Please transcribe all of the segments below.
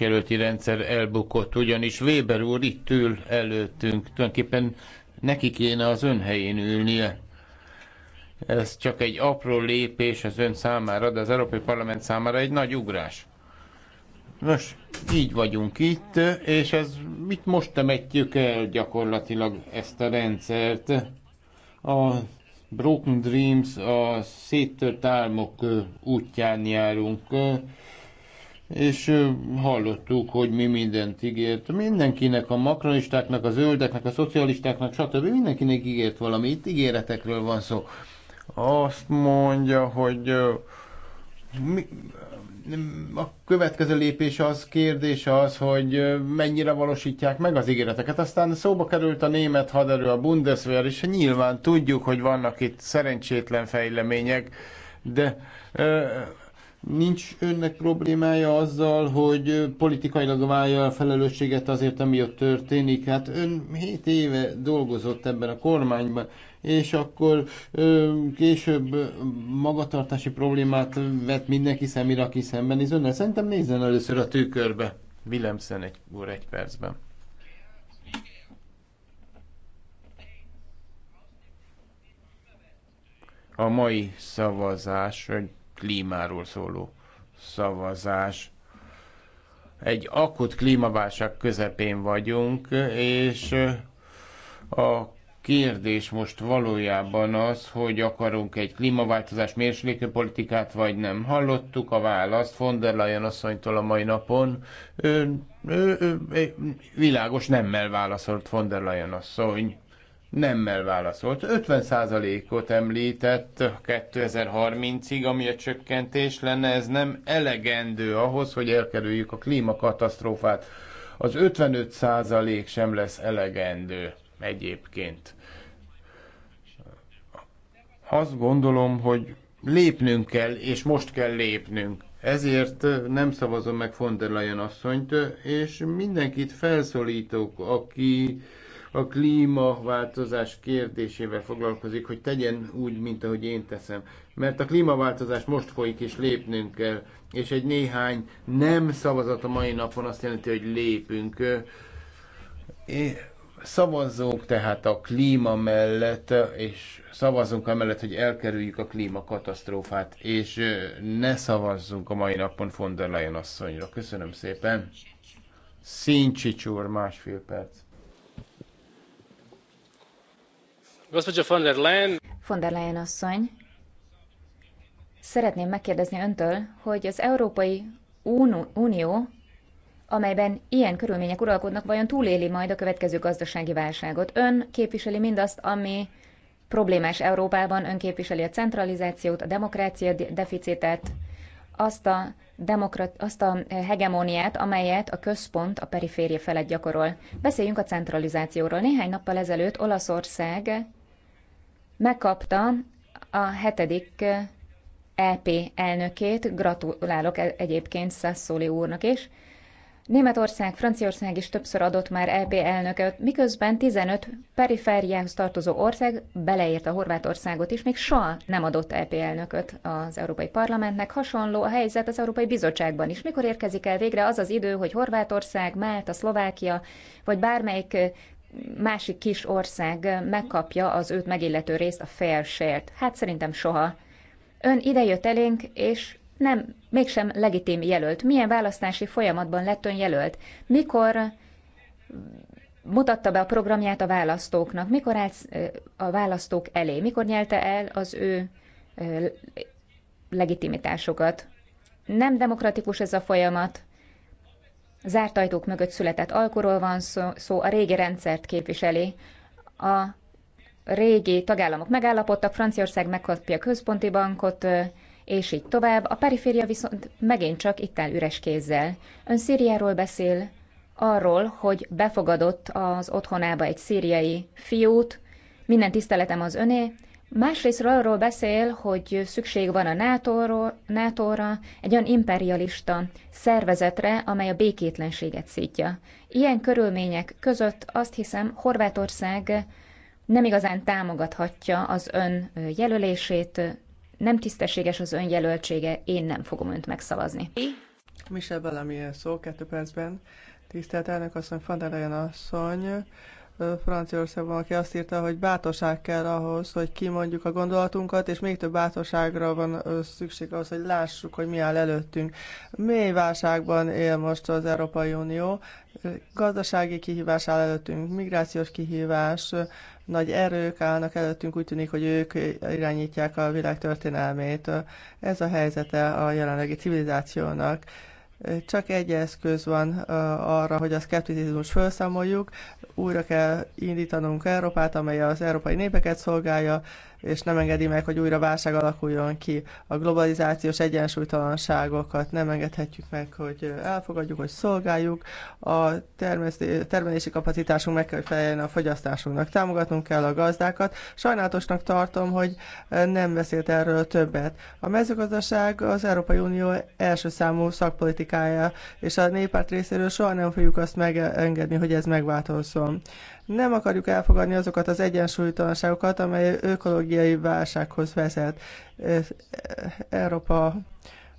jelölti rendszer elbukott, ugyanis Weber úr itt ül előttünk. Tulajdonképpen neki kéne az ön helyén ülnie. Ez csak egy apró lépés az ön számára, de az Európai Parlament számára egy nagy ugrás. Nos, így vagyunk itt, és ez mit most temetjük el gyakorlatilag ezt a rendszert? A Broken Dreams, a széttört álmok útján járunk és hallottuk, hogy mi mindent ígért. Mindenkinek, a makronistáknak, a zöldeknek, a szocialistáknak, stb. mindenkinek ígért valami. Itt ígéretekről van szó. Azt mondja, hogy mi, a következő lépés az, kérdés az, hogy mennyire valósítják meg az ígéreteket. Aztán szóba került a német haderő, a Bundeswehr, és nyilván tudjuk, hogy vannak itt szerencsétlen fejlemények, de Nincs önnek problémája azzal, hogy politikailag válja a felelősséget azért, ami ott történik? Hát ön 7 éve dolgozott ebben a kormányban, és akkor ö, később magatartási problémát vett mindenki szemére, aki szembenéz önnel. Szerintem nézzen először a tükörbe. Willemsen egy úr egy percben. A mai szavazás egy klímáról szóló szavazás. Egy akut klímaválság közepén vagyunk, és a kérdés most valójában az, hogy akarunk egy klímaváltozás mérsékelő politikát, vagy nem. Hallottuk a választ von der Leyen asszonytól a mai napon. Ő, ő, ő, ő, világos nemmel válaszolt von der Leyen asszony nemmel válaszolt. 50%-ot említett 2030-ig, ami a csökkentés lenne, ez nem elegendő ahhoz, hogy elkerüljük a klímakatasztrófát. Az 55% sem lesz elegendő egyébként. Azt gondolom, hogy lépnünk kell, és most kell lépnünk. Ezért eh, nem szavazom meg von der Leyen asszonyt, eh, és mindenkit felszólítok, aki a klímaváltozás kérdésével foglalkozik, hogy tegyen úgy, mint ahogy én teszem. Mert a klímaváltozás most folyik, és lépnünk kell. És egy néhány nem szavazat a mai napon azt jelenti, hogy lépünk. szavazzunk tehát a klíma mellett, és szavazzunk amellett, hogy elkerüljük a klímakatasztrófát, és ne szavazzunk a mai napon von der Leyen asszonyra. Köszönöm szépen. Szincsics úr, másfél perc. Gospođa von der Leyen. Von der Leyen asszony, szeretném megkérdezni öntől, hogy az Európai Unió, amelyben ilyen körülmények uralkodnak, vajon túléli majd a következő gazdasági válságot? Ön képviseli mindazt, ami problémás Európában, ön képviseli a centralizációt, a demokrácia deficitet, azt a, demokrat, azt a hegemóniát, amelyet a központ a periféria felett gyakorol. Beszéljünk a centralizációról. Néhány nappal ezelőtt Olaszország megkapta a hetedik EP eh, e elnökét, gratulálok e- egyébként Sassoli úrnak is. Németország, Franciaország is többször adott már EP elnököt, miközben 15 perifériához tartozó ország, beleért a Horvátországot is, még soha nem adott EP elnököt az Európai Parlamentnek. Hasonló a helyzet az Európai Bizottságban is. Mikor érkezik el végre az az idő, hogy Horvátország, Málta, Szlovákia, vagy bármelyik eh, másik kis ország megkapja az őt megillető részt, a fair share-t. Hát szerintem soha. Ön idejött elénk, és nem, mégsem legitim jelölt. Milyen választási folyamatban lett ön jelölt? Mikor mutatta be a programját a választóknak? Mikor állt a választók elé? Mikor nyelte el az ő legitimitásokat? Nem demokratikus ez a folyamat zárt ajtók mögött született alkorról van szó, szó, a régi rendszert képviseli. A régi tagállamok megállapodtak, Franciaország megkapja a központi bankot, és így tovább. A periféria viszont megint csak itt áll üres kézzel. Ön Szíriáról beszél, arról, hogy befogadott az otthonába egy szíriai fiút, minden tiszteletem az öné, Másrészt arról beszél, hogy szükség van a NATO-ra, NATO egy olyan imperialista szervezetre, amely a békétlenséget szítja. Ilyen körülmények között azt hiszem Horvátország nem igazán támogathatja az ön jelölését, nem tisztességes az ön jelöltsége, én nem fogom önt megszavazni. Mi Michel valamilyen szó, kettő percben. Tisztelt elnök asszony, Fandelejön asszony, Franciaországban, aki azt írta, hogy bátorság kell ahhoz, hogy kimondjuk a gondolatunkat, és még több bátorságra van szükség ahhoz, hogy lássuk, hogy mi áll előttünk. Mély válságban él most az Európai Unió, gazdasági kihívás áll előttünk, migrációs kihívás, nagy erők állnak előttünk, úgy tűnik, hogy ők irányítják a világ történelmét. Ez a helyzete a jelenlegi civilizációnak. Csak egy eszköz van arra, hogy a szkepticizmus felszámoljuk. Újra kell indítanunk Európát, amely az európai népeket szolgálja, és nem engedi meg, hogy újra válság alakuljon ki. A globalizációs egyensúlytalanságokat nem engedhetjük meg, hogy elfogadjuk, hogy szolgáljuk. A termelési kapacitásunk meg kell, hogy a fogyasztásunknak. Támogatnunk kell a gazdákat. Sajnálatosnak tartom, hogy nem beszélt erről többet. A mezőgazdaság az Európai Unió első számú szakpolitikája, és a néppárt részéről soha nem fogjuk azt megengedni, hogy ez megváltozzon. Nem akarjuk elfogadni azokat az egyensúlytalanságokat, amely ökológiai válsághoz vezet. Európa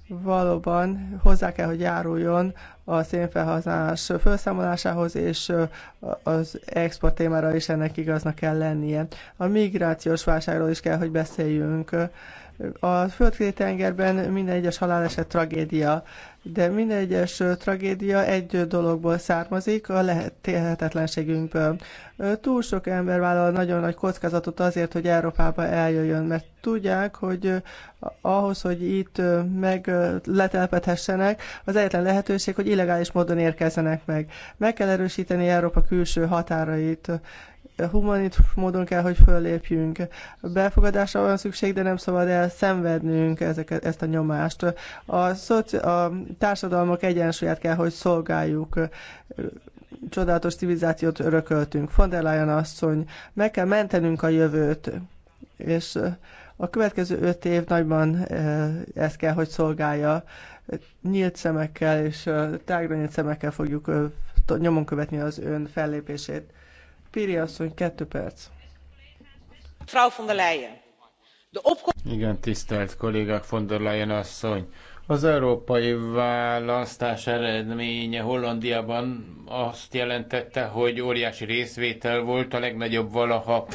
valóban hozzá kell, hogy járuljon a szénfelhasználás felszámolásához, és az export témára is ennek igaznak kell lennie. A migrációs válságról is kell, hogy beszéljünk. A földkéri tengerben minden egyes haláleset tragédia, de minden egyes tragédia egy dologból származik, a lehetetlenségünkből. Túl sok ember vállal nagyon nagy kockázatot azért, hogy Európába eljöjjön, mert tudják, hogy ahhoz, hogy itt meg letelepedhessenek, az egyetlen lehetőség, hogy illegális módon érkezzenek meg. Meg kell erősíteni Európa külső határait, humanit módon kell, hogy föllépjünk. Befogadásra van szükség, de nem szabad elszenvednünk ezeket, ezt a nyomást. A, szoci, a társadalmak egyensúlyát kell, hogy szolgáljuk. Csodálatos civilizációt örököltünk. Von der Leyen asszony, meg kell mentenünk a jövőt. És a következő öt év nagyban eh, ezt kell, hogy szolgálja. Nyílt szemekkel és eh, tágra nyílt szemekkel fogjuk eh, nyomon követni az ön fellépését. Igen, tisztelt kollégák, von der Leyen asszony. Az európai választás eredménye Hollandiában azt jelentette, hogy óriási részvétel volt, a legnagyobb valaha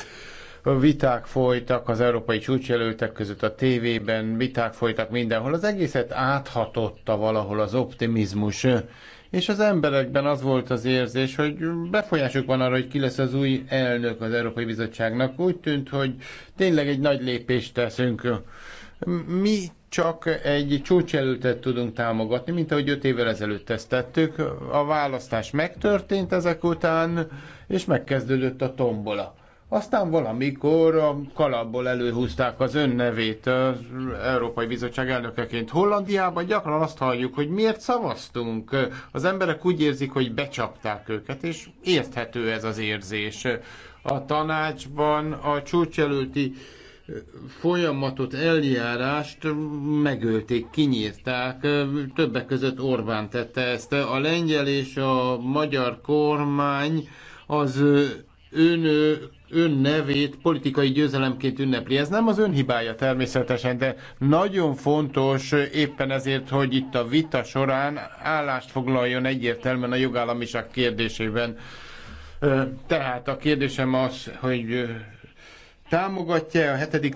viták folytak az európai csúcsjelöltek között a tévében, viták folytak mindenhol. Az egészet áthatotta valahol az optimizmus, és az emberekben az volt az érzés, hogy befolyásuk van arra, hogy ki lesz az új elnök az Európai Bizottságnak. Úgy tűnt, hogy tényleg egy nagy lépést teszünk. Mi csak egy csúcselőtet tudunk támogatni, mint ahogy öt évvel ezelőtt ezt tettük. A választás megtörtént ezek után, és megkezdődött a tombola aztán valamikor a kalapból előhúzták az nevét az Európai Bizottság elnökeként. Hollandiában gyakran azt halljuk, hogy miért szavaztunk. Az emberek úgy érzik, hogy becsapták őket, és érthető ez az érzés. A tanácsban a csúcsjelölti folyamatot, eljárást megölték, kinyírták. Többek között Orbán tette ezt. A lengyel és a magyar kormány az ön ön nevét politikai győzelemként ünnepli. Ez nem az ön hibája természetesen, de nagyon fontos éppen ezért, hogy itt a vita során állást foglaljon egyértelműen a jogállamiság kérdésében. Tehát a kérdésem az, hogy támogatja a hetedik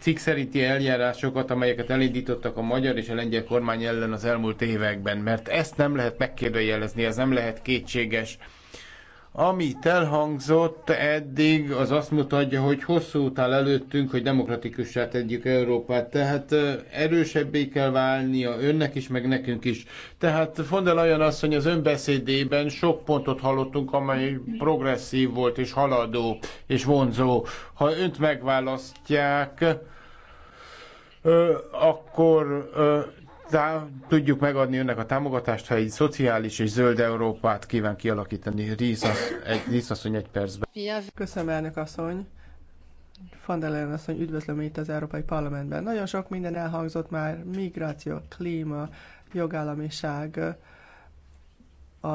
cikk szerinti eljárásokat, amelyeket elindítottak a magyar és a lengyel kormány ellen az elmúlt években, mert ezt nem lehet megkérdőjelezni, ez nem lehet kétséges. Amit elhangzott eddig, az azt mutatja, hogy hosszú utál előttünk, hogy demokratikussá tegyük Európát. Tehát erősebbé kell válnia önnek is, meg nekünk is. Tehát von der Leyen asszony az önbeszédében sok pontot hallottunk, amely progresszív volt és haladó és vonzó. Ha önt megválasztják, akkor tudjuk megadni önnek a támogatást, ha egy szociális és zöld Európát kíván kialakítani. rísz egy, Rízasszony egy percben. Köszönöm, elnök asszony. Van asszony, üdvözlöm itt az Európai Parlamentben. Nagyon sok minden elhangzott már, migráció, klíma, jogállamiság, a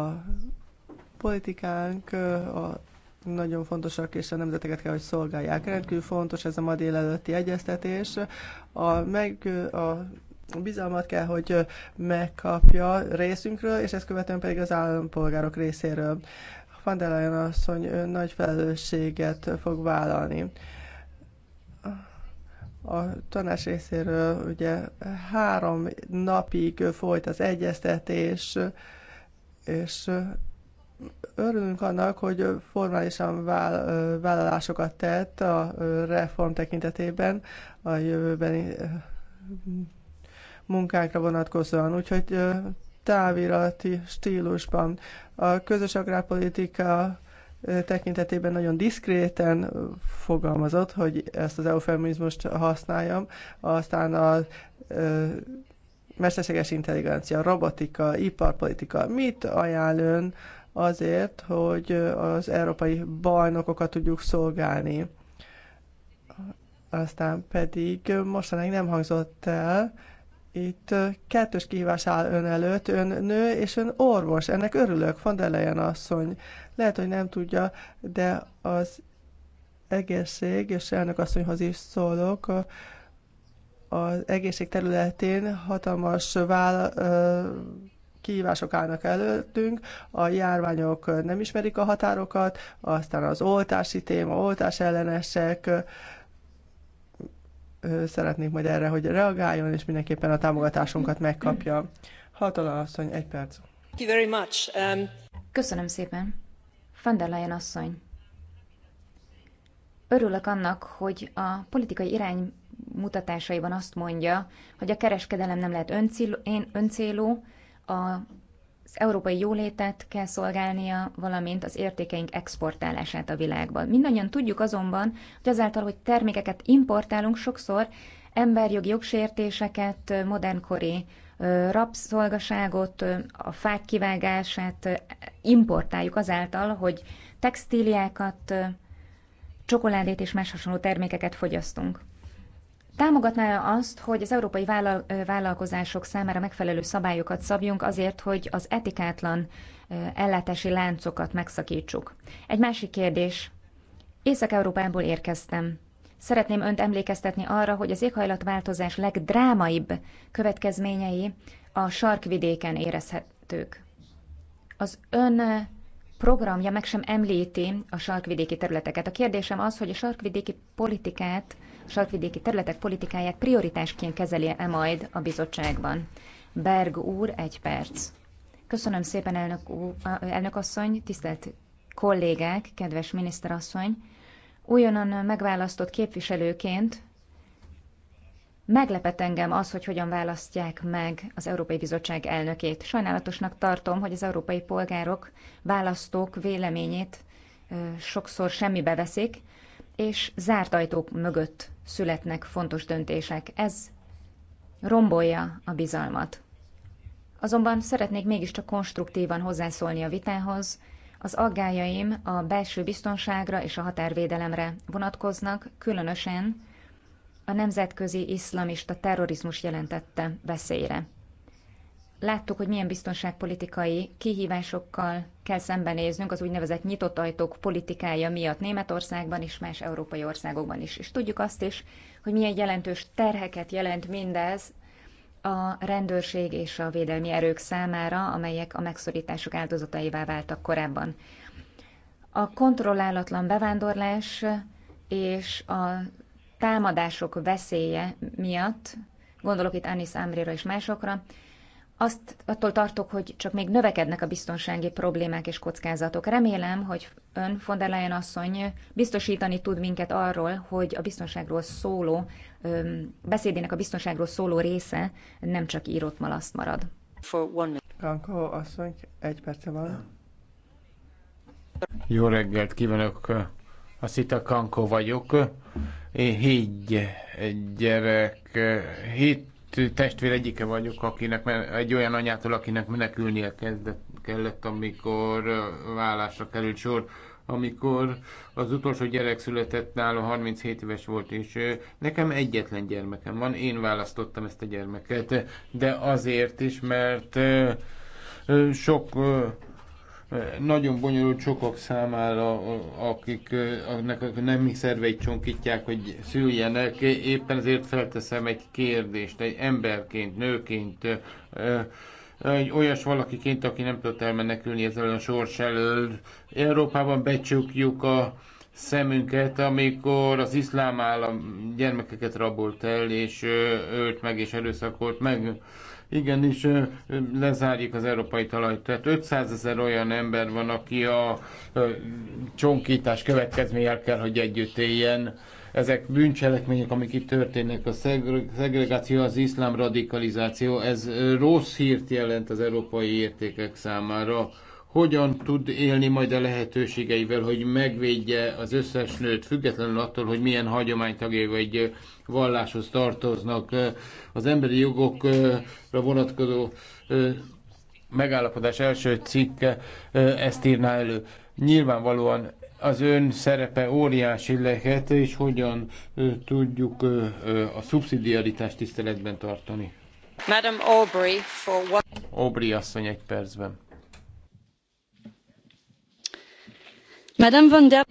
politikánk, a nagyon fontosak, és a nemzeteket kell, hogy szolgálják. Rendkívül fontos ez a ma délelőtti egyeztetés. A, meg, a bizalmat kell, hogy megkapja részünkről, és ezt követően pedig az állampolgárok részéről. Van der asszony nagy felelősséget fog vállalni. A tanás részéről ugye három napig folyt az egyeztetés, és örülünk annak, hogy formálisan vállalásokat tett a reform tekintetében a jövőbeni munkákra vonatkozóan. Úgyhogy távirati stílusban a közös agrárpolitika tekintetében nagyon diszkréten fogalmazott, hogy ezt az eufemizmust használjam, aztán a mesterséges intelligencia, robotika, iparpolitika, mit ajánl ön azért, hogy az európai bajnokokat tudjuk szolgálni? Aztán pedig mostanáig nem hangzott el, itt kettős kihívás áll ön előtt, ön nő és ön orvos. Ennek örülök, van der Leyen asszony. Lehet, hogy nem tudja, de az egészség, és elnök asszonyhoz is szólok, az egészség területén hatalmas vála, kihívások állnak előttünk, a járványok nem ismerik a határokat, aztán az oltási téma, oltás ellenesek, szeretnénk majd erre, hogy reagáljon, és mindenképpen a támogatásunkat megkapja. Hatala asszony, egy perc. Um, Köszönöm szépen. Van der Leyen asszony. Örülök annak, hogy a politikai irány mutatásaiban azt mondja, hogy a kereskedelem nem lehet öncélú, én öncélú a európai jólétet kell szolgálnia, valamint az értékeink exportálását a világban. Mindannyian tudjuk azonban, hogy azáltal, hogy termékeket importálunk, sokszor emberjogi jogsértéseket, modernkori rabszolgaságot, a fák kivágását importáljuk azáltal, hogy textíliákat, csokoládét és más hasonló termékeket fogyasztunk. Támogatná azt, hogy az európai vállalkozások számára megfelelő szabályokat szabjunk azért, hogy az etikátlan ellátási láncokat megszakítsuk. Egy másik kérdés. Észak-Európából érkeztem. Szeretném önt emlékeztetni arra, hogy az éghajlatváltozás legdrámaibb következményei a sarkvidéken érezhetők. Az ön programja meg sem említi a sarkvidéki területeket. A kérdésem az, hogy a sarkvidéki politikát sarkvidéki területek politikáját prioritásként kezeli -e majd a bizottságban. Berg úr, egy perc. Köszönöm szépen, elnök, úr, elnök asszony, tisztelt kollégák, kedves miniszterasszony. Újonnan megválasztott képviselőként Meglepett engem az, hogy hogyan választják meg az Európai Bizottság elnökét. Sajnálatosnak tartom, hogy az európai polgárok, választók véleményét sokszor semmibe veszik, és zárt ajtók mögött születnek fontos döntések. Ez rombolja a bizalmat. Azonban szeretnék mégiscsak konstruktívan hozzászólni a vitához. Az aggájaim a belső biztonságra és a határvédelemre vonatkoznak, különösen a nemzetközi iszlamista terrorizmus jelentette veszélyre láttuk, hogy milyen biztonságpolitikai kihívásokkal kell szembenéznünk az úgynevezett nyitott ajtók politikája miatt Németországban és más európai országokban is. És tudjuk azt is, hogy milyen jelentős terheket jelent mindez a rendőrség és a védelmi erők számára, amelyek a megszorítások áldozataivá váltak korábban. A kontrollálatlan bevándorlás és a támadások veszélye miatt, gondolok itt Anis Amrira és másokra, azt attól tartok, hogy csak még növekednek a biztonsági problémák és kockázatok. Remélem, hogy ön, von der Leyen asszony, biztosítani tud minket arról, hogy a biztonságról szóló, beszédének a biztonságról szóló része nem csak írott malaszt marad. Kanko asszony, egy perce van. Jó reggelt kívánok! A Szita Kanko vagyok. Higgy gyerek, hit testvér egyike vagyok, akinek egy olyan anyától, akinek menekülnie kezdett, kellett, amikor vállásra került sor amikor az utolsó gyerek született nála 37 éves volt, és nekem egyetlen gyermekem van, én választottam ezt a gyermeket, de azért is, mert sok nagyon bonyolult sokak számára, akik a nemi szerveit csonkítják, hogy szüljenek. Éppen ezért felteszem egy kérdést, egy emberként, nőként, egy olyas valakiként, aki nem tudott elmenekülni ezzel a sors elől. Európában becsukjuk a szemünket, amikor az iszlám állam gyermekeket rabolt el, és ölt meg, és erőszakolt meg igen, és lezárjuk az európai talajt. Tehát 500 ezer olyan ember van, aki a csonkítás következményel kell, hogy együtt éljen ezek bűncselekmények, amik itt történnek, a szegregáció, az iszlám radikalizáció, ez rossz hírt jelent az európai értékek számára. Hogyan tud élni majd a lehetőségeivel, hogy megvédje az összes nőt, függetlenül attól, hogy milyen hagyománytagja vagy valláshoz tartoznak. Az emberi jogokra vonatkozó megállapodás első cikke ezt írná elő. Nyilvánvalóan az ön szerepe óriási lehet, és hogyan tudjuk a szubszidiaritást tiszteletben tartani. Madam Aubrey, for what... Aubrey asszony egy percben. Madame von der...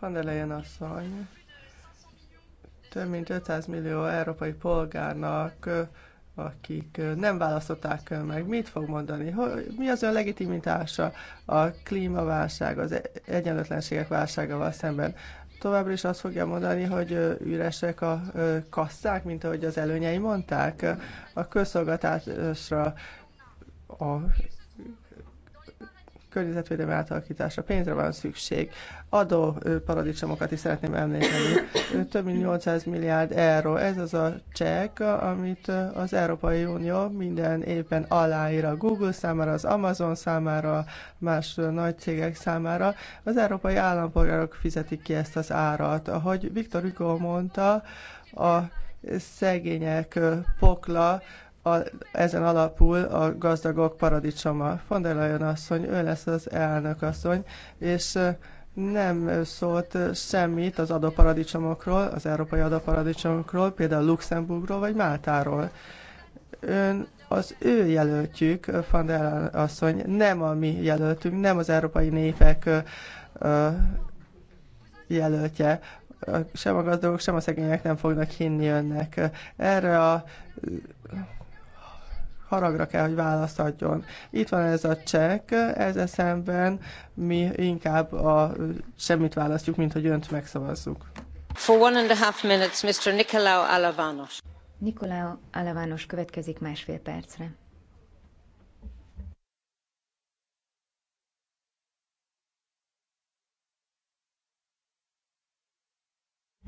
Van der Leyen asszony több mint 500 millió európai polgárnak, akik nem választották meg, mit fog mondani? Hogy, mi az ön legitimitása a klímaválság, az egyenlőtlenségek válságával szemben? Továbbra is azt fogja mondani, hogy üresek a kasszák, mint ahogy az előnyei mondták. A közszolgatásra a környezetvédelmi átalakításra pénzre van szükség. Adó paradicsomokat is szeretném említeni. Több mint 800 milliárd euró. Ez az a csekk, amit az Európai Unió minden évben aláír a Google számára, az Amazon számára, más nagy cégek számára. Az európai állampolgárok fizetik ki ezt az árat. Ahogy Viktor Hugo mondta, a szegények pokla a, ezen alapul a gazdagok paradicsoma. Von der Leyen asszony, ő lesz az elnök asszony, és nem szólt semmit az adóparadicsomokról, az európai adóparadicsomokról, például Luxemburgról vagy Máltáról. Ön az ő jelöltjük, Van der asszony, nem a mi jelöltünk, nem az európai népek jelöltje. Sem a gazdagok, sem a szegények nem fognak hinni önnek. Erre a haragra kell, hogy választ adjon. Itt van ez a csekk, ezzel szemben mi inkább a semmit választjuk, mint hogy önt megszavazzuk. For one and a half minutes, Mr. Nikolaou Alavanos. Nikolaou Alavanos következik másfél percre.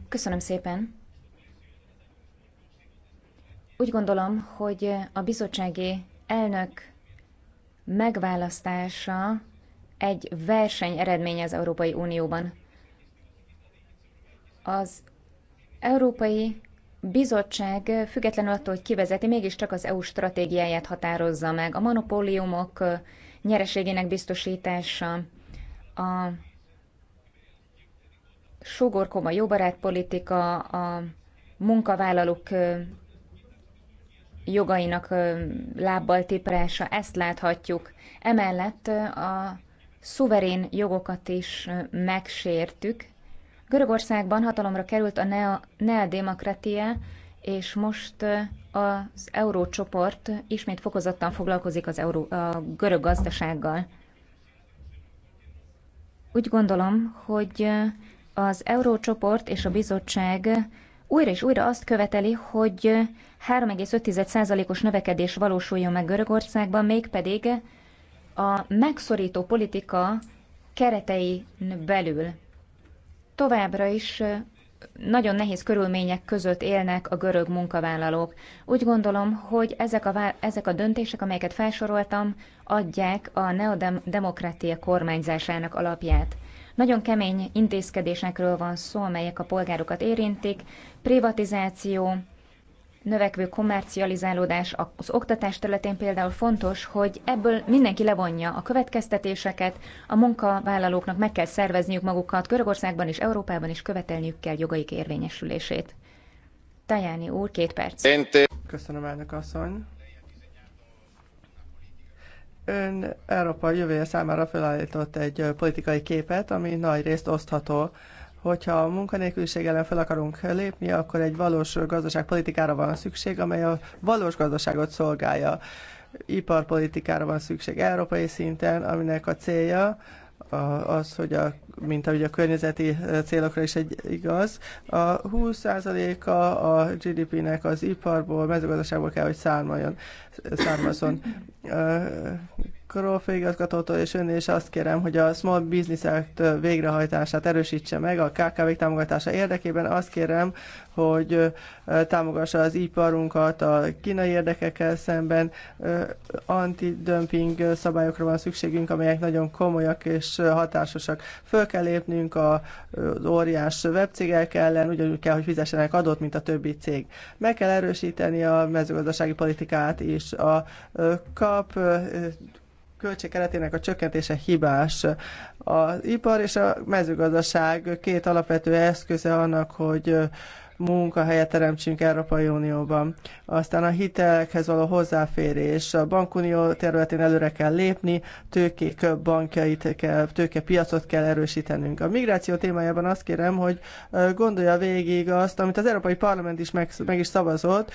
Köszönöm szépen! Úgy gondolom, hogy a bizottsági elnök megválasztása egy verseny eredménye az Európai Unióban. Az Európai Bizottság függetlenül attól, hogy kivezeti, mégiscsak az EU stratégiáját határozza meg. A monopóliumok nyereségének biztosítása, a sugorkoma politika, a munkavállalók jogainak lábbal tiprása, ezt láthatjuk. Emellett a szuverén jogokat is megsértük. Görögországban hatalomra került a neo, neodemokratia, és most az eurócsoport ismét fokozottan foglalkozik az euró, a görög gazdasággal. Úgy gondolom, hogy az eurócsoport és a bizottság újra és újra azt követeli, hogy 3,5%-os növekedés valósuljon meg Görögországban, mégpedig a megszorító politika keretein belül. Továbbra is nagyon nehéz körülmények között élnek a görög munkavállalók. Úgy gondolom, hogy ezek a, ezek a döntések, amelyeket felsoroltam, adják a neodemokratia kormányzásának alapját. Nagyon kemény intézkedésekről van szó, amelyek a polgárokat érintik. Privatizáció, növekvő kommercializálódás az oktatás területén például fontos, hogy ebből mindenki levonja a következtetéseket, a munkavállalóknak meg kell szervezniük magukat, Görögországban és Európában is követelniük kell jogaik érvényesülését. Tajáni úr, két perc. Köszönöm, elnök asszony. Ön Európa jövője számára felállított egy politikai képet, ami nagy részt osztható. Hogyha a munkanélküliség ellen fel akarunk lépni, akkor egy valós gazdaságpolitikára van szükség, amely a valós gazdaságot szolgálja. Iparpolitikára van szükség európai szinten, aminek a célja, a az, hogy a, mint ahogy a környezeti eh, célokra is egy igaz, a 20%-a a GDP-nek az iparból, mezőgazdaságból kell, hogy származjon, származon. Eh, Makro főigazgatótól és ön is azt kérem, hogy a Small Business Act végrehajtását erősítse meg a KKV támogatása érdekében. Azt kérem, hogy támogassa az iparunkat a kínai érdekekkel szemben. Antidömping szabályokra van szükségünk, amelyek nagyon komolyak és hatásosak. Föl kell lépnünk az óriás webcégek ellen, ugyanúgy kell, hogy fizessenek adót, mint a többi cég. Meg kell erősíteni a mezőgazdasági politikát is. A kap költség keretének a csökkentése hibás. Az ipar és a mezőgazdaság két alapvető eszköze annak, hogy munkahelyet teremtsünk Európai Unióban. Aztán a hitelekhez való hozzáférés. A bankunió területén előre kell lépni, tőkék bankjait kell, tőkepiacot kell erősítenünk. A migráció témájában azt kérem, hogy gondolja végig azt, amit az Európai Parlament is meg, meg is szavazott,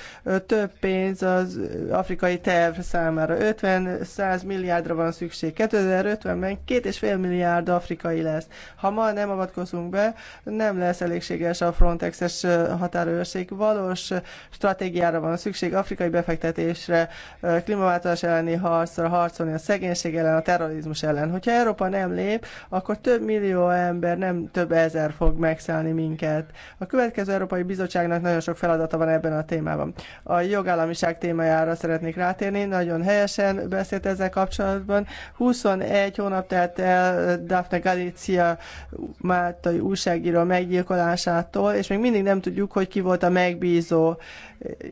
több pénz az afrikai terv számára. 50-100 milliárdra van szükség. 2050-ben 2,5 milliárd afrikai lesz. Ha ma nem avatkozunk be, nem lesz elégséges a Frontexes határőrség. Valós stratégiára van szükség, afrikai befektetésre, klímaváltozás elleni harcra, harcolni a szegénység ellen, a terrorizmus ellen. Hogyha Európa nem lép, akkor több millió ember, nem több ezer fog megszállni minket. A következő Európai Bizottságnak nagyon sok feladata van ebben a témában. A jogállamiság témájára szeretnék rátérni, nagyon helyesen beszélt ezzel kapcsolatban. 21 hónap telt el Daphne Galicia Máltai újságíró meggyilkolásától, és még mindig nem tudjuk tudjuk, hogy ki volt a megbízó.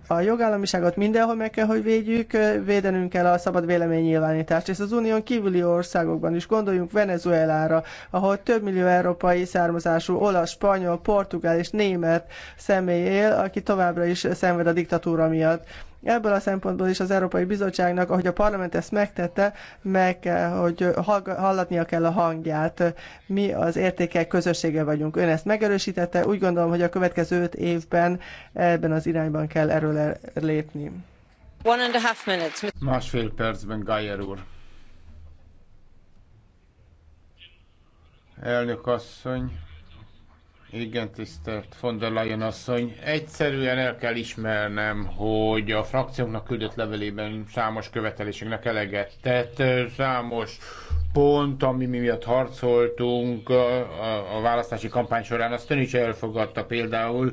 A jogállamiságot mindenhol meg kell, hogy védjük, védenünk kell a szabad véleménynyilvánítást. És az unión kívüli országokban is gondoljunk Venezuelára, ahol több millió európai származású olasz, spanyol, portugál és német személy él, aki továbbra is szenved a diktatúra miatt. Ebből a szempontból is az Európai Bizottságnak, ahogy a parlament ezt megtette, meg kell, hogy hallatnia kell a hangját. Mi az értékek közössége vagyunk. Ön ezt megerősítette, úgy gondolom, hogy a következő öt évben ebben az irányban kell erről lépni. One and a half minutes. Másfél percben, Gájer úr. Elnök asszony, igen, tisztelt von der Leyen asszony. Egyszerűen el kell ismernem, hogy a frakcióknak küldött levelében számos követeléseknek eleget tett, számos pont, ami mi miatt harcoltunk a, a választási kampány során, azt ön is elfogadta például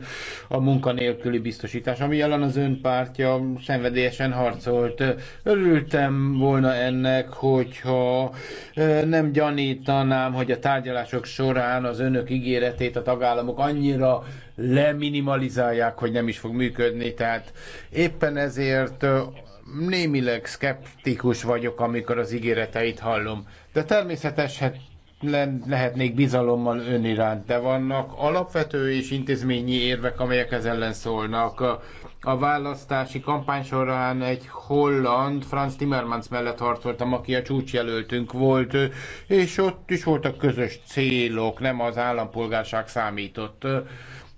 a munkanélküli biztosítás, ami ellen az ön pártja szenvedélyesen harcolt. Örültem volna ennek, hogyha nem gyanítanám, hogy a tárgyalások során az önök ígéretét a tagállamok annyira leminimalizálják, hogy nem is fog működni. Tehát éppen ezért némileg szkeptikus vagyok, amikor az ígéreteit hallom. De természetesen hát lehetnék bizalommal ön iránt, de vannak alapvető és intézményi érvek, amelyek ez ellen szólnak. A választási kampány során egy holland, Franz Timmermans mellett harcoltam, aki a csúcsjelöltünk volt, és ott is voltak közös célok, nem az állampolgárság számított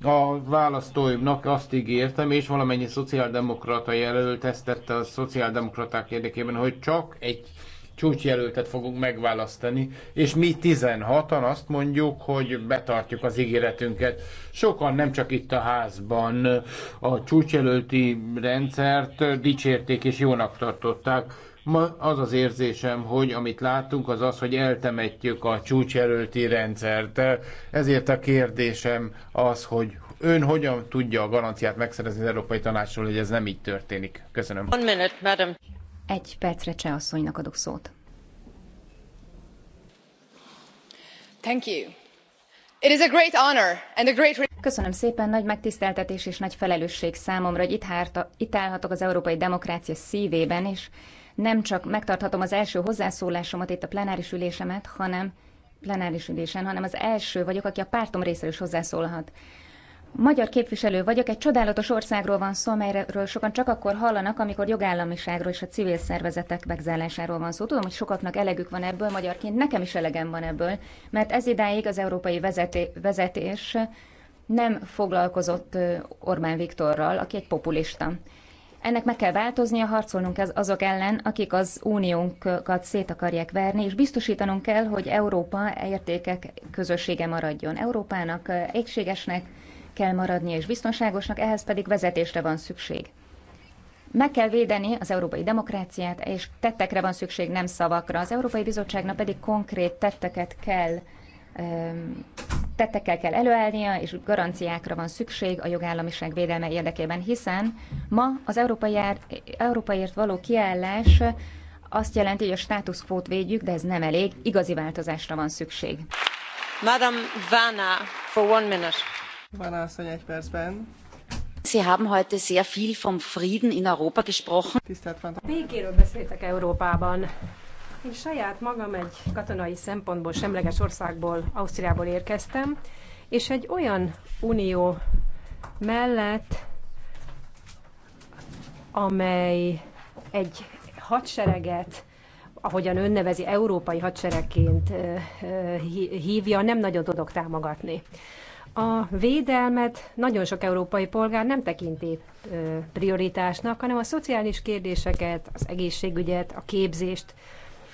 a választóimnak azt ígértem, és valamennyi szociáldemokrata jelölt ezt tette a szociáldemokraták érdekében, hogy csak egy csúcsjelöltet fogunk megválasztani, és mi 16-an azt mondjuk, hogy betartjuk az ígéretünket. Sokan nem csak itt a házban a csúcsjelölti rendszert dicsérték és jónak tartották. Ma az az érzésem, hogy amit látunk, az az, hogy eltemetjük a csúcsjelölti rendszert. Ezért a kérdésem az, hogy ön hogyan tudja a garanciát megszerezni az Európai Tanácsról, hogy ez nem így történik. Köszönöm. One minute, madam. Egy percre Cseh asszonynak adok szót. Thank you. It is a great honor and a great... Köszönöm szépen, nagy megtiszteltetés és nagy felelősség számomra, hogy itt, hárta, itt állhatok az európai demokrácia szívében, és nem csak megtarthatom az első hozzászólásomat itt a plenáris ülésemet, hanem plenáris ülésen, hanem az első vagyok, aki a pártom részéről is hozzászólhat. Magyar képviselő vagyok, egy csodálatos országról van szó, amelyről sokan csak akkor hallanak, amikor jogállamiságról és a civil szervezetek megzállásáról van szó. Tudom, hogy sokaknak elegük van ebből, magyarként nekem is elegem van ebből, mert ez idáig az európai vezeté- vezetés nem foglalkozott Orbán Viktorral, aki egy populista. Ennek meg kell változnia, harcolnunk azok ellen, akik az uniónkat szét akarják verni, és biztosítanunk kell, hogy Európa értékek közössége maradjon. Európának egységesnek kell maradnia és biztonságosnak, ehhez pedig vezetésre van szükség. Meg kell védeni az európai demokráciát, és tettekre van szükség, nem szavakra. Az Európai Bizottságnak pedig konkrét tetteket kell tettekkel kell előállnia, és garanciákra van szükség a jogállamiság védelme érdekében, hiszen ma az európai Európaért való kiállás azt jelenti, hogy a status quo-t védjük, de ez nem elég, igazi változásra van szükség. Madam Vana, for one minute. Vana asszony egy percben. Sie haben heute sehr viel vom Frieden in Europa gesprochen. Békéről beszéltek Európában. Én saját magam egy katonai szempontból semleges országból, Ausztriából érkeztem, és egy olyan unió mellett, amely egy hadsereget, ahogyan ön nevezi, európai hadseregként hívja, nem nagyon tudok támogatni. A védelmet nagyon sok európai polgár nem tekinti prioritásnak, hanem a szociális kérdéseket, az egészségügyet, a képzést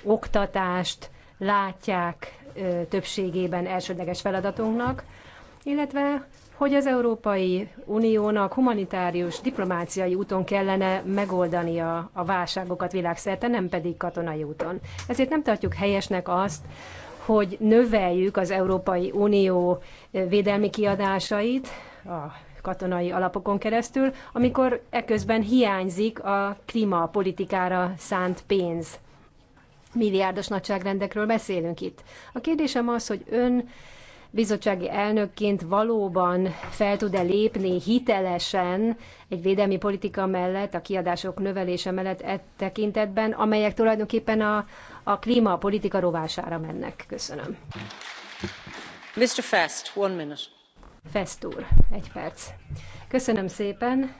oktatást látják többségében elsődleges feladatunknak, illetve hogy az Európai Uniónak humanitárius, diplomáciai úton kellene megoldania a válságokat világszerte, nem pedig katonai úton. Ezért nem tartjuk helyesnek azt, hogy növeljük az Európai Unió védelmi kiadásait a katonai alapokon keresztül, amikor eközben hiányzik a klímapolitikára szánt pénz milliárdos nagyságrendekről beszélünk itt. A kérdésem az, hogy ön bizottsági elnökként valóban fel tud-e lépni hitelesen egy védelmi politika mellett, a kiadások növelése mellett e tekintetben, amelyek tulajdonképpen a, a klímapolitika rovására mennek. Köszönöm. Mr. Fest, one minute. Fest úr, egy perc. Köszönöm szépen,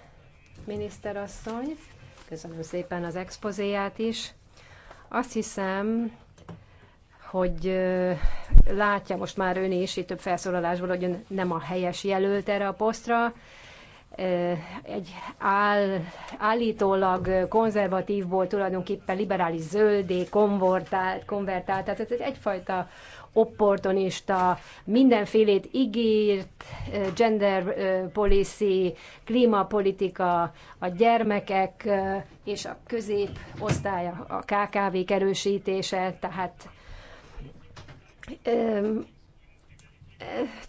miniszterasszony. Köszönöm szépen az expozéját is. Azt hiszem, hogy látja most már ön is itt több felszólalásból, hogy ön nem a helyes jelölt erre a posztra. Egy áll, állítólag konzervatívból tulajdonképpen liberális zöldé konvertált, konvertált, tehát ez egyfajta opportunista, mindenfélét ígért, gender policy, klímapolitika, a gyermekek és a osztály a kkv erősítése, tehát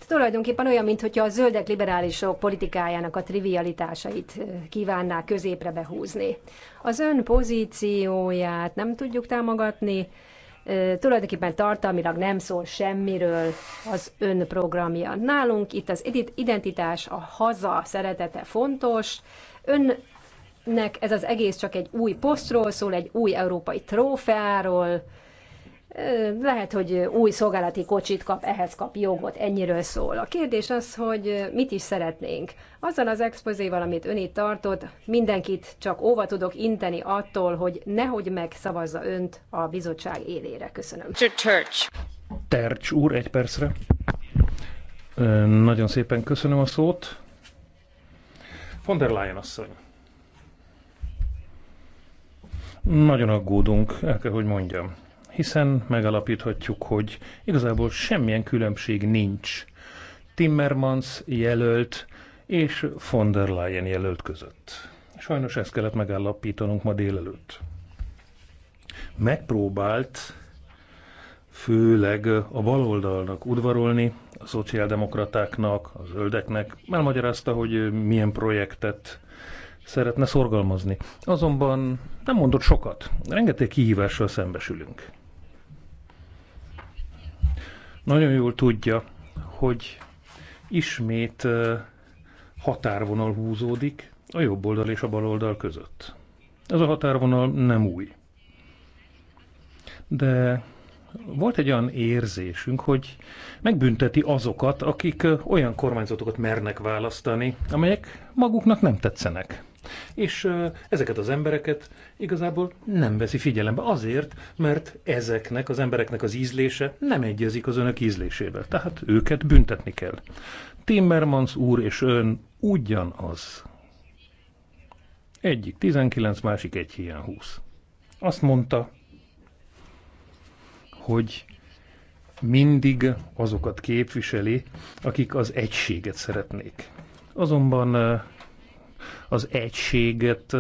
tulajdonképpen olyan, mintha a zöldek liberálisok politikájának a trivialitásait kívánná középre behúzni. Az ön pozícióját nem tudjuk támogatni, tulajdonképpen tartalmilag nem szól semmiről az önprogramja. Nálunk itt az identitás, a haza szeretete fontos. Önnek ez az egész csak egy új posztról szól, egy új európai trófeáról, lehet, hogy új szolgálati kocsit kap, ehhez kap jogot, ennyiről szól. A kérdés az, hogy mit is szeretnénk. Azzal az expozéval, amit ön itt tartott, mindenkit csak óva tudok inteni attól, hogy nehogy megszavazza önt a bizottság élére. Köszönöm. Church. Tercs úr, egy percre. Nagyon szépen köszönöm a szót. Von der Leyen asszony. Nagyon aggódunk, el kell, hogy mondjam hiszen megalapíthatjuk, hogy igazából semmilyen különbség nincs Timmermans jelölt és von der Leyen jelölt között. Sajnos ezt kellett megállapítanunk ma délelőtt. Megpróbált főleg a baloldalnak udvarolni, a szociáldemokratáknak, a zöldeknek, elmagyarázta, hogy milyen projektet szeretne szorgalmazni. Azonban nem mondott sokat. Rengeteg kihívással szembesülünk nagyon jól tudja, hogy ismét határvonal húzódik a jobb oldal és a bal oldal között. Ez a határvonal nem új. De volt egy olyan érzésünk, hogy megbünteti azokat, akik olyan kormányzatokat mernek választani, amelyek maguknak nem tetszenek. És ezeket az embereket igazából nem veszi figyelembe azért, mert ezeknek az embereknek az ízlése nem egyezik az önök ízlésével. Tehát őket büntetni kell. Timmermans úr és ön ugyanaz. Egyik 19, másik egy hiány 20. Azt mondta, hogy mindig azokat képviseli, akik az egységet szeretnék. Azonban az egységet,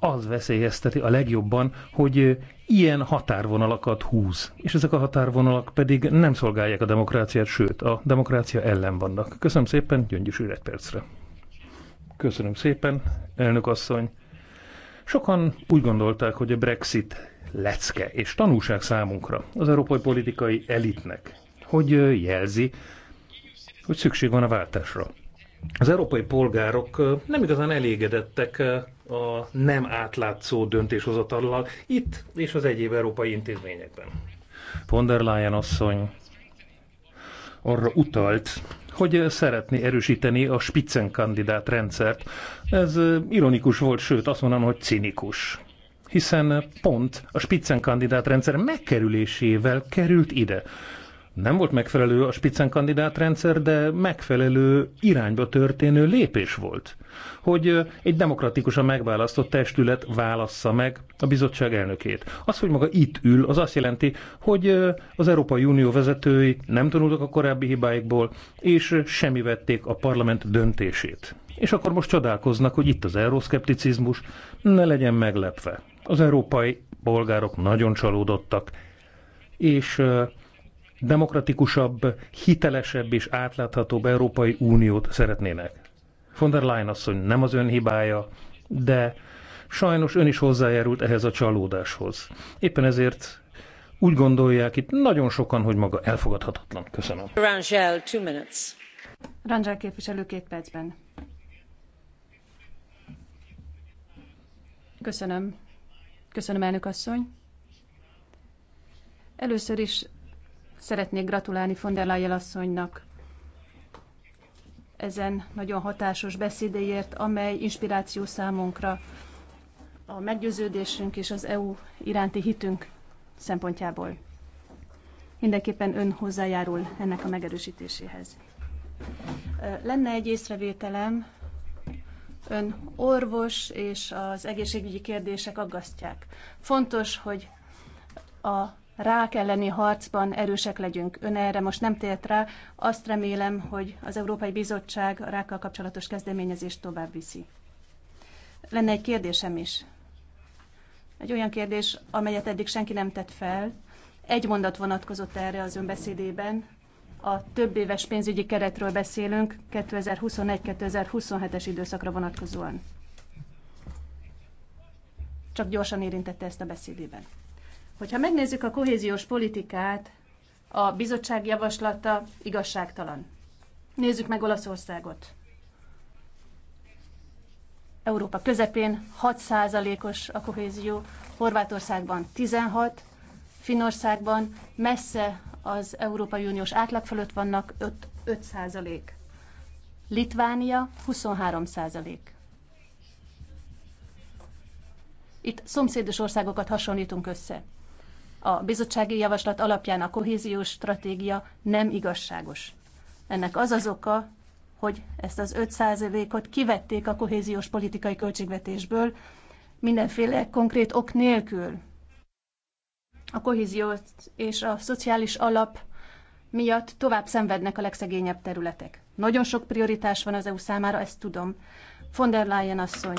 az veszélyezteti a legjobban, hogy ilyen határvonalakat húz. És ezek a határvonalak pedig nem szolgálják a demokráciát, sőt, a demokrácia ellen vannak. Köszönöm szépen, Gyöngyös egy percre. Köszönöm szépen, elnök asszony. Sokan úgy gondolták, hogy a Brexit lecke és tanulság számunkra, az európai politikai elitnek, hogy jelzi, hogy szükség van a váltásra az európai polgárok nem igazán elégedettek a nem átlátszó döntéshozatallal itt és az egyéb európai intézményekben. Von der Leyen asszony arra utalt, hogy szeretné erősíteni a spitzenkandidát rendszert. Ez ironikus volt, sőt azt mondanám, hogy cinikus. Hiszen pont a spitzenkandidát rendszer megkerülésével került ide nem volt megfelelő a spitzenkandidát rendszer, de megfelelő irányba történő lépés volt, hogy egy demokratikusan megválasztott testület válassza meg a bizottság elnökét. Az, hogy maga itt ül, az azt jelenti, hogy az Európai Unió vezetői nem tanultak a korábbi hibáikból, és semmi vették a parlament döntését. És akkor most csodálkoznak, hogy itt az euroszkepticizmus, ne legyen meglepve. Az európai polgárok nagyon csalódottak, és demokratikusabb, hitelesebb és átláthatóbb Európai Uniót szeretnének. Von der Leyen asszony nem az ön hibája, de sajnos ön is hozzájárult ehhez a csalódáshoz. Éppen ezért úgy gondolják itt nagyon sokan, hogy maga elfogadhatatlan. Köszönöm. Rangel, two minutes. Rangel képviselő két percben. Köszönöm. Köszönöm, elnök asszony. Először is Szeretnék gratulálni von der Leyen asszonynak ezen nagyon hatásos beszédéért, amely inspiráció számunkra a meggyőződésünk és az EU iránti hitünk szempontjából. Mindenképpen ön hozzájárul ennek a megerősítéséhez. Lenne egy észrevételem, ön orvos és az egészségügyi kérdések aggasztják. Fontos, hogy a rák elleni harcban erősek legyünk. Ön erre most nem tért rá. Azt remélem, hogy az Európai Bizottság a rákkal kapcsolatos kezdeményezést tovább viszi. Lenne egy kérdésem is. Egy olyan kérdés, amelyet eddig senki nem tett fel. Egy mondat vonatkozott erre az önbeszédében. A több éves pénzügyi keretről beszélünk 2021-2027-es időszakra vonatkozóan. Csak gyorsan érintette ezt a beszédében. Hogyha megnézzük a kohéziós politikát, a bizottság javaslata igazságtalan. Nézzük meg Olaszországot. Európa közepén 6%-os a kohézió, Horvátországban 16, Finországban messze az Európai Uniós átlag fölött vannak 5, 5%. Litvánia 23%. Itt szomszédos országokat hasonlítunk össze a bizottsági javaslat alapján a kohéziós stratégia nem igazságos. Ennek az az oka, hogy ezt az 5%-ot kivették a kohéziós politikai költségvetésből, mindenféle konkrét ok nélkül. A kohéziót és a szociális alap miatt tovább szenvednek a legszegényebb területek. Nagyon sok prioritás van az EU számára, ezt tudom. Von der Leyen asszony,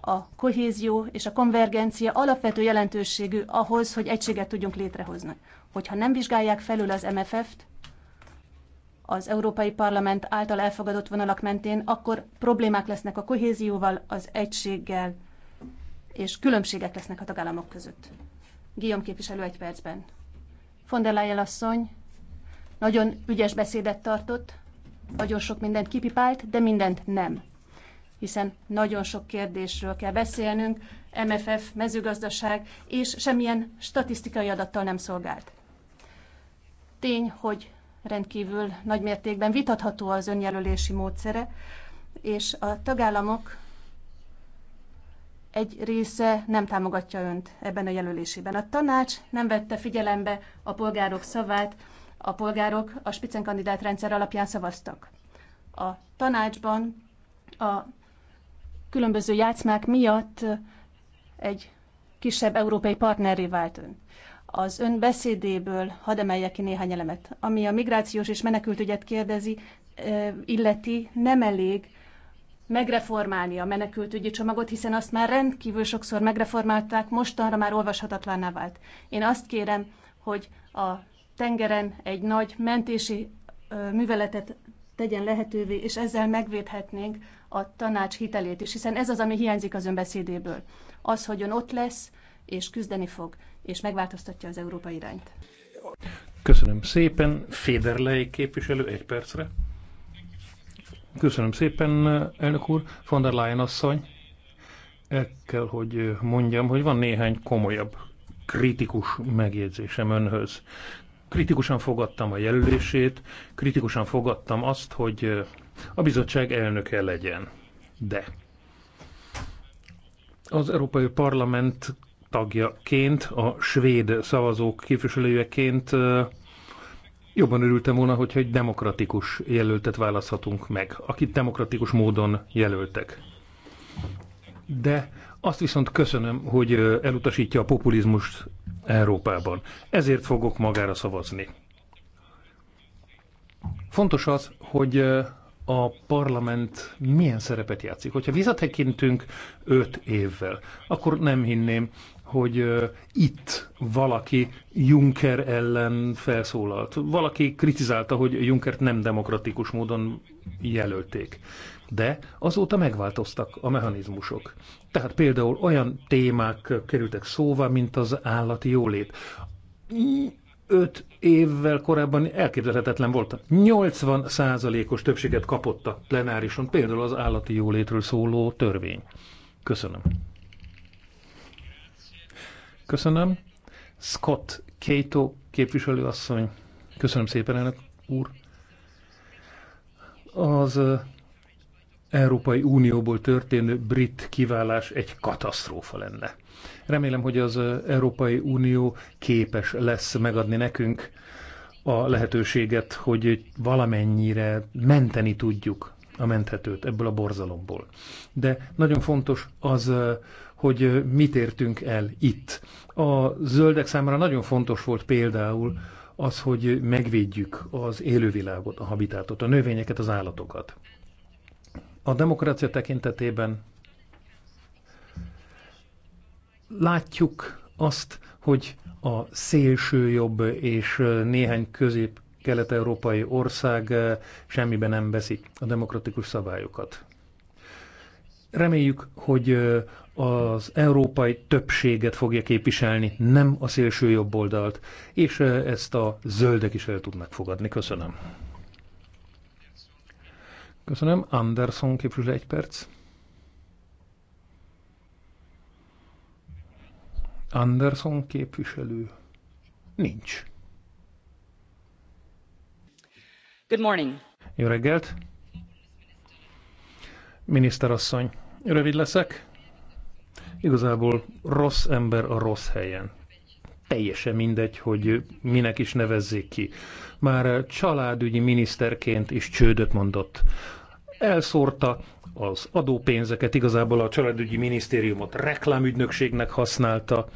a kohézió és a konvergencia alapvető jelentőségű ahhoz, hogy egységet tudjunk létrehozni. Hogyha nem vizsgálják felül az MFF-t, az Európai Parlament által elfogadott vonalak mentén, akkor problémák lesznek a kohézióval, az egységgel, és különbségek lesznek a tagállamok között. Guillaume képviselő egy percben. Von der Leyen asszony nagyon ügyes beszédet tartott, nagyon sok mindent kipipált, de mindent nem hiszen nagyon sok kérdésről kell beszélnünk, MFF, mezőgazdaság, és semmilyen statisztikai adattal nem szolgált. Tény, hogy rendkívül nagymértékben vitatható az önjelölési módszere, és a tagállamok egy része nem támogatja önt ebben a jelölésében. A tanács nem vette figyelembe a polgárok szavát, a polgárok a spicenkandidát rendszer alapján szavaztak. A tanácsban a különböző játszmák miatt egy kisebb európai partnerré vált ön. Az ön beszédéből hadd emeljek ki néhány elemet. Ami a migrációs és menekültügyet kérdezi, illeti, nem elég megreformálni a menekültügyi csomagot, hiszen azt már rendkívül sokszor megreformálták, mostanra már olvashatatlanná vált. Én azt kérem, hogy a tengeren egy nagy mentési műveletet tegyen lehetővé, és ezzel megvédhetnénk a tanács hitelét is, hiszen ez az, ami hiányzik az önbeszédéből. Az, hogy ön ott lesz, és küzdeni fog, és megváltoztatja az Európa irányt. Köszönöm szépen. Féderlei képviselő, egy percre. Köszönöm szépen, elnök úr. Von der Leyen asszony, el kell, hogy mondjam, hogy van néhány komolyabb kritikus megjegyzésem önhöz. Kritikusan fogadtam a jelölését, kritikusan fogadtam azt, hogy a bizottság elnöke legyen. De az Európai Parlament tagjaként, a svéd szavazók képviselőjeként jobban örültem volna, hogyha egy demokratikus jelöltet választhatunk meg, akit demokratikus módon jelöltek. De azt viszont köszönöm, hogy elutasítja a populizmust Európában. Ezért fogok magára szavazni. Fontos az, hogy a parlament milyen szerepet játszik. Hogyha visszatekintünk öt évvel, akkor nem hinném, hogy itt valaki Juncker ellen felszólalt. Valaki kritizálta, hogy Junckert nem demokratikus módon jelölték. De azóta megváltoztak a mechanizmusok. Tehát például olyan témák kerültek szóvá, mint az állati jólét. Öt évvel korábban elképzelhetetlen volt. 80 százalékos többséget kapott a plenárison, például az állati jólétről szóló törvény. Köszönöm. Köszönöm. Scott Cato képviselőasszony. Köszönöm szépen, elnök úr. Az Európai Unióból történő brit kiválás egy katasztrófa lenne. Remélem, hogy az Európai Unió képes lesz megadni nekünk a lehetőséget, hogy valamennyire menteni tudjuk a menthetőt ebből a borzalomból. De nagyon fontos az, hogy mit értünk el itt. A zöldek számára nagyon fontos volt például az, hogy megvédjük az élővilágot, a habitátot, a növényeket, az állatokat a demokrácia tekintetében látjuk azt, hogy a szélső jobb és néhány közép kelet-európai ország semmiben nem veszi a demokratikus szabályokat. Reméljük, hogy az európai többséget fogja képviselni, nem a szélső jobb oldalt, és ezt a zöldek is el tudnak fogadni. Köszönöm. Köszönöm. Anderson képviselő egy perc. Anderson képviselő nincs. Good morning. Jó reggelt. Miniszterasszony, rövid leszek. Igazából rossz ember a rossz helyen. Teljesen mindegy, hogy minek is nevezzék ki. Már családügyi miniszterként is csődöt mondott elszórta az adópénzeket, igazából a családügyi minisztériumot reklámügynökségnek használta,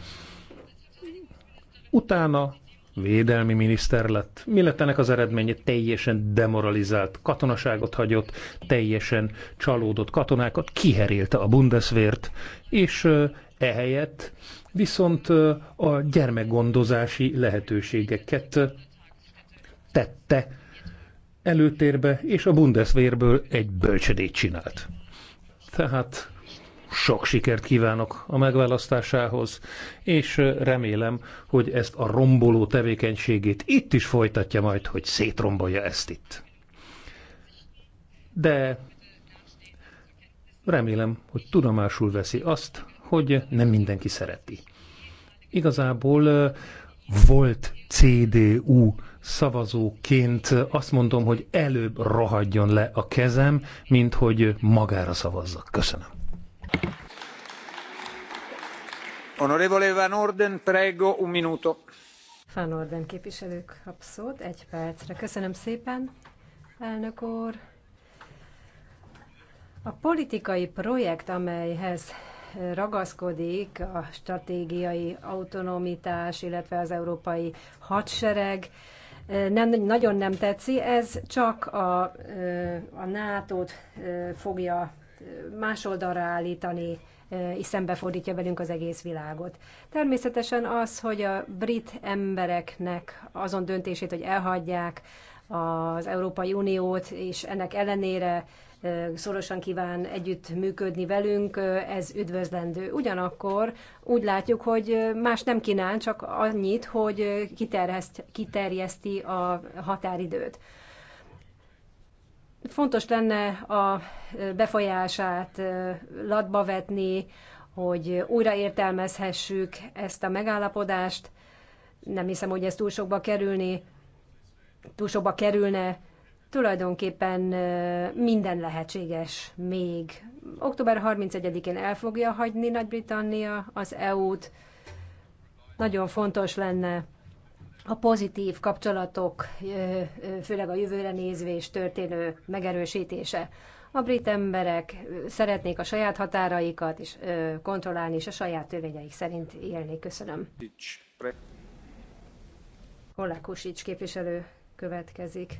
utána védelmi miniszter lett. Mi lett ennek az eredménye? Teljesen demoralizált katonaságot hagyott, teljesen csalódott katonákat, kiherélte a Bundeswehrt, és ehelyett viszont a gyermekgondozási lehetőségeket tette előtérbe, és a Bundeswehrből egy bölcsödét csinált. Tehát sok sikert kívánok a megválasztásához, és remélem, hogy ezt a romboló tevékenységét itt is folytatja majd, hogy szétrombolja ezt itt. De remélem, hogy tudomásul veszi azt, hogy nem mindenki szereti. Igazából volt CDU szavazóként azt mondom, hogy előbb rohadjon le a kezem, mint hogy magára szavazzak. Köszönöm. Honorevole Van Orden, prego, un minuto. Van Orden képviselők abszolút, egy percre. Köszönöm szépen, elnök úr. A politikai projekt, amelyhez ragaszkodik a stratégiai autonomitás, illetve az európai hadsereg, nem, nagyon nem tetszi, ez csak a, a NATO-t fogja oldalra állítani, és szembefordítja velünk az egész világot. Természetesen az, hogy a brit embereknek azon döntését, hogy elhagyják az Európai Uniót, és ennek ellenére szorosan kíván együtt működni velünk, ez üdvözlendő. Ugyanakkor úgy látjuk, hogy más nem kínál, csak annyit, hogy kiterjeszti a határidőt. Fontos lenne a befolyását latba vetni, hogy értelmezhessük ezt a megállapodást. Nem hiszem, hogy ez túl sokba kerülni, túl sokba kerülne, tulajdonképpen minden lehetséges még. Október 31-én el fogja hagyni Nagy-Britannia az EU-t. Nagyon fontos lenne a pozitív kapcsolatok, főleg a jövőre nézvés történő megerősítése. A brit emberek szeretnék a saját határaikat is kontrollálni, és a saját törvényeik szerint élni. Köszönöm. Holákusics képviselő következik.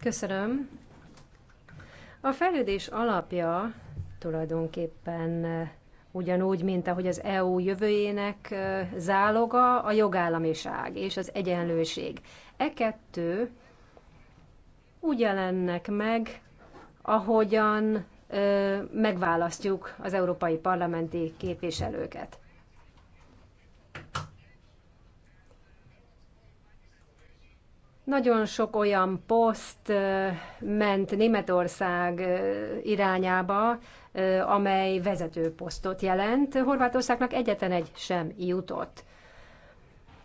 Köszönöm. A fejlődés alapja tulajdonképpen eh, ugyanúgy, mint ahogy az EU jövőjének eh, záloga a jogállamiság és az egyenlőség. E kettő úgy jelennek meg, ahogyan eh, megválasztjuk az európai parlamenti képviselőket. Nagyon sok olyan poszt ment Németország irányába, amely vezető posztot jelent. Horvátországnak egyetlen egy sem jutott.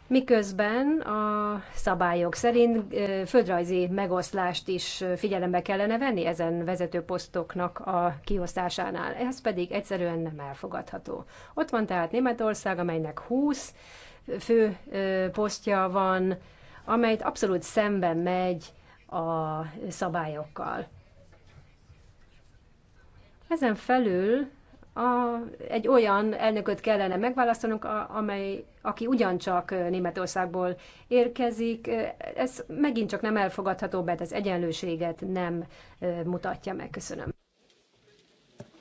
Miközben a szabályok szerint földrajzi megoszlást is figyelembe kellene venni ezen vezető posztoknak a kiosztásánál. Ez pedig egyszerűen nem elfogadható. Ott van tehát Németország, amelynek 20 fő posztja van, amelyet abszolút szemben megy a szabályokkal. Ezen felül a, egy olyan elnököt kellene megválasztanunk, a, amely, aki ugyancsak Németországból érkezik. Ez megint csak nem elfogadható, mert ez egyenlőséget nem mutatja meg. Köszönöm.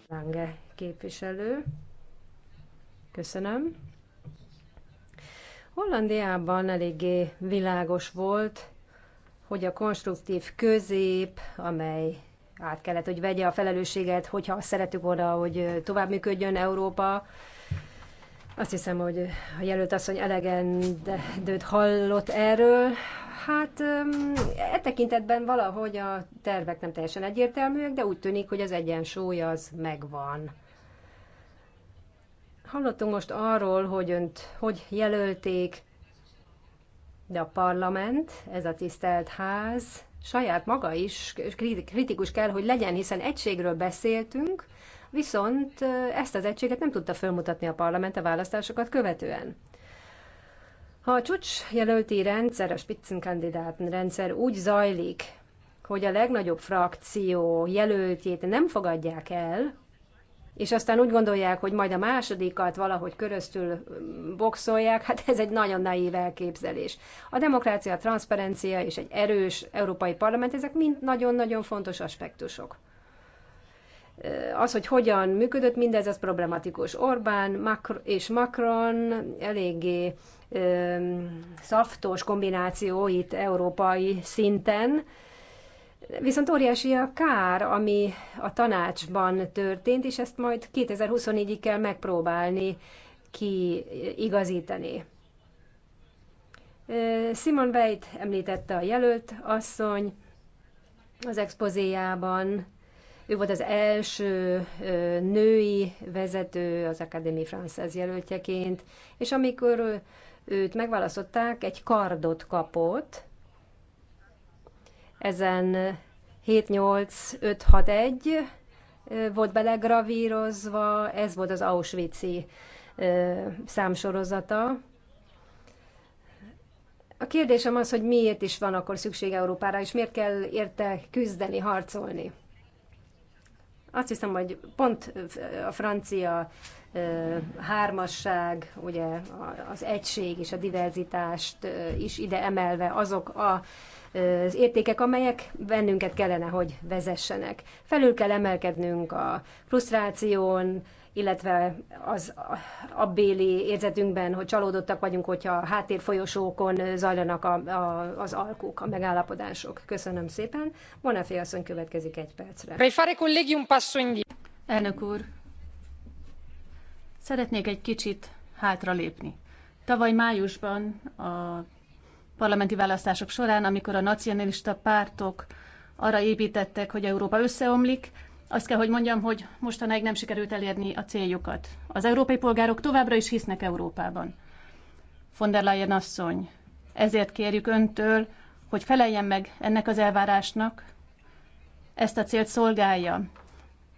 Lange képviselő. Köszönöm. Hollandiában eléggé világos volt, hogy a konstruktív közép, amely át kellett, hogy vegye a felelősséget, hogyha azt szeretük volna, hogy tovább működjön Európa. Azt hiszem, hogy a jelölt asszony elegendőt hallott erről. Hát e tekintetben valahogy a tervek nem teljesen egyértelműek, de úgy tűnik, hogy az egyensúly az megvan. Hallottunk most arról, hogy önt hogy jelölték, de a parlament, ez a tisztelt ház, saját maga is kritikus kell, hogy legyen, hiszen egységről beszéltünk, viszont ezt az egységet nem tudta fölmutatni a parlament a választásokat követően. Ha a csúcs jelölti rendszer, a Spitzenkandidát rendszer úgy zajlik, hogy a legnagyobb frakció jelöltjét nem fogadják el, és aztán úgy gondolják, hogy majd a másodikat valahogy köröztül mm, boxolják, hát ez egy nagyon naív elképzelés. A demokrácia, a transzparencia és egy erős európai parlament, ezek mind nagyon-nagyon fontos aspektusok. Az, hogy hogyan működött mindez, az problematikus. Orbán és Macron eléggé ö, szaftos kombinációit európai szinten, Viszont óriási a kár, ami a tanácsban történt, és ezt majd 2024-ig kell megpróbálni kiigazítani. Simon Veit említette a jelölt asszony az expozéjában. Ő volt az első női vezető az Académie Française jelöltjeként, és amikor őt megválasztották, egy kardot kapott, ezen 78561 volt belegravírozva, ez volt az auschwitz számsorozata. A kérdésem az, hogy miért is van akkor szükség Európára, és miért kell érte küzdeni, harcolni. Azt hiszem, hogy pont a francia hármasság, ugye az egység és a diverzitást is ide emelve azok a az értékek, amelyek bennünket kellene, hogy vezessenek. Felül kell emelkednünk a frusztráción, illetve az abbéli érzetünkben, hogy csalódottak vagyunk, hogyha háttérfolyosókon zajlanak a, a, az alkuk, a megállapodások. Köszönöm szépen. Bonafé asszony következik egy percre. Elnök úr, Szeretnék egy kicsit hátralépni. Tavaly májusban a parlamenti választások során, amikor a nacionalista pártok arra építettek, hogy Európa összeomlik, azt kell, hogy mondjam, hogy mostanáig nem sikerült elérni a céljukat. Az európai polgárok továbbra is hisznek Európában. Von der Leyen asszony, ezért kérjük öntől, hogy feleljen meg ennek az elvárásnak, ezt a célt szolgálja.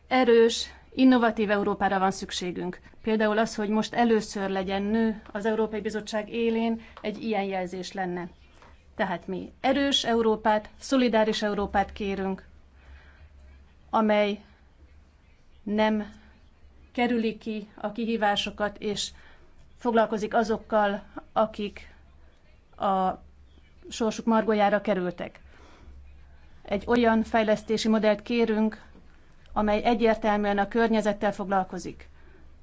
Erős, Innovatív Európára van szükségünk. Például az, hogy most először legyen nő az Európai Bizottság élén, egy ilyen jelzés lenne. Tehát mi erős Európát, szolidáris Európát kérünk, amely nem kerüli ki a kihívásokat, és foglalkozik azokkal, akik a sorsuk margójára kerültek. Egy olyan fejlesztési modellt kérünk, amely egyértelműen a környezettel foglalkozik.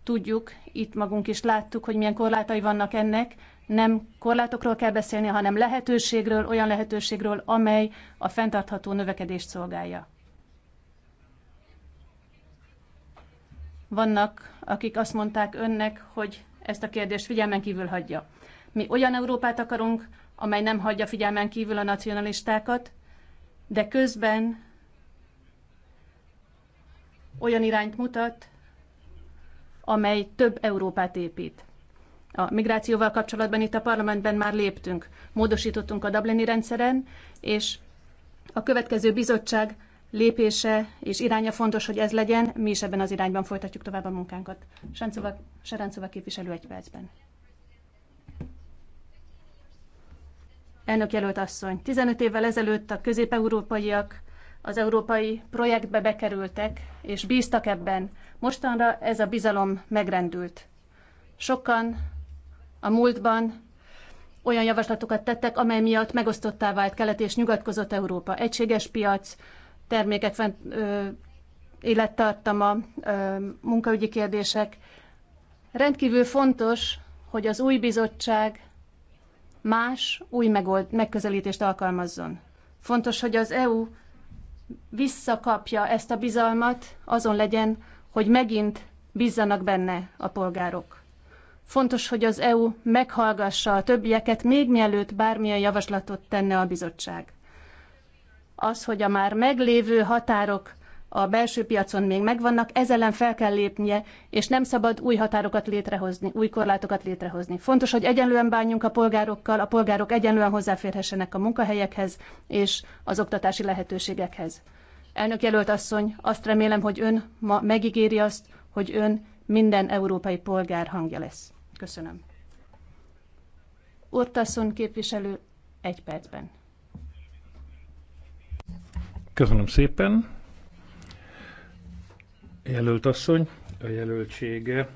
Tudjuk, itt magunk is láttuk, hogy milyen korlátai vannak ennek, nem korlátokról kell beszélni, hanem lehetőségről, olyan lehetőségről, amely a fenntartható növekedést szolgálja. Vannak, akik azt mondták önnek, hogy ezt a kérdést figyelmen kívül hagyja. Mi olyan Európát akarunk, amely nem hagyja figyelmen kívül a nacionalistákat, de közben olyan irányt mutat, amely több Európát épít. A migrációval kapcsolatban itt a parlamentben már léptünk, módosítottunk a Dublini rendszeren, és a következő bizottság lépése és iránya fontos, hogy ez legyen. Mi is ebben az irányban folytatjuk tovább a munkánkat. Serencova képviselő egy percben. Elnök jelölt asszony, 15 évvel ezelőtt a közép-európaiak az európai projektbe bekerültek, és bíztak ebben. Mostanra ez a bizalom megrendült. Sokan a múltban olyan javaslatokat tettek, amely miatt megosztottá vált kelet és nyugatkozott Európa. Egységes piac, termékek fent, ö, élettartama, ö, munkaügyi kérdések. Rendkívül fontos, hogy az új bizottság más, új megold, megközelítést alkalmazzon. Fontos, hogy az EU visszakapja ezt a bizalmat, azon legyen, hogy megint bízzanak benne a polgárok. Fontos, hogy az EU meghallgassa a többieket, még mielőtt bármilyen javaslatot tenne a bizottság. Az, hogy a már meglévő határok a belső piacon még megvannak, ez ellen fel kell lépnie, és nem szabad új határokat létrehozni, új korlátokat létrehozni. Fontos, hogy egyenlően bánjunk a polgárokkal, a polgárok egyenlően hozzáférhessenek a munkahelyekhez és az oktatási lehetőségekhez. Elnök jelölt asszony, azt remélem, hogy ön ma megígéri azt, hogy ön minden európai polgár hangja lesz. Köszönöm. Urtasun képviselő egy percben. Köszönöm szépen jelölt asszony, a jelöltsége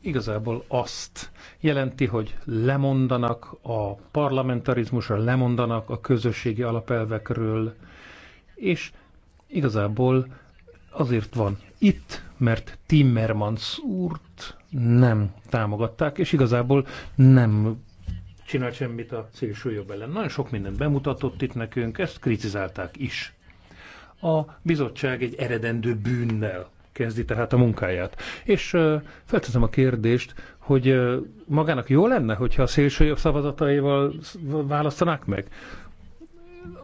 igazából azt jelenti, hogy lemondanak a parlamentarizmusról, lemondanak a közösségi alapelvekről, és igazából azért van itt, mert Timmermans úrt nem támogatták, és igazából nem csinált semmit a szélső jobb ellen. Nagyon sok mindent bemutatott itt nekünk, ezt kritizálták is. A bizottság egy eredendő bűnnel kezdi tehát a munkáját. És felteszem a kérdést, hogy magának jó lenne, hogyha a szélsőjobb szavazataival választanák meg?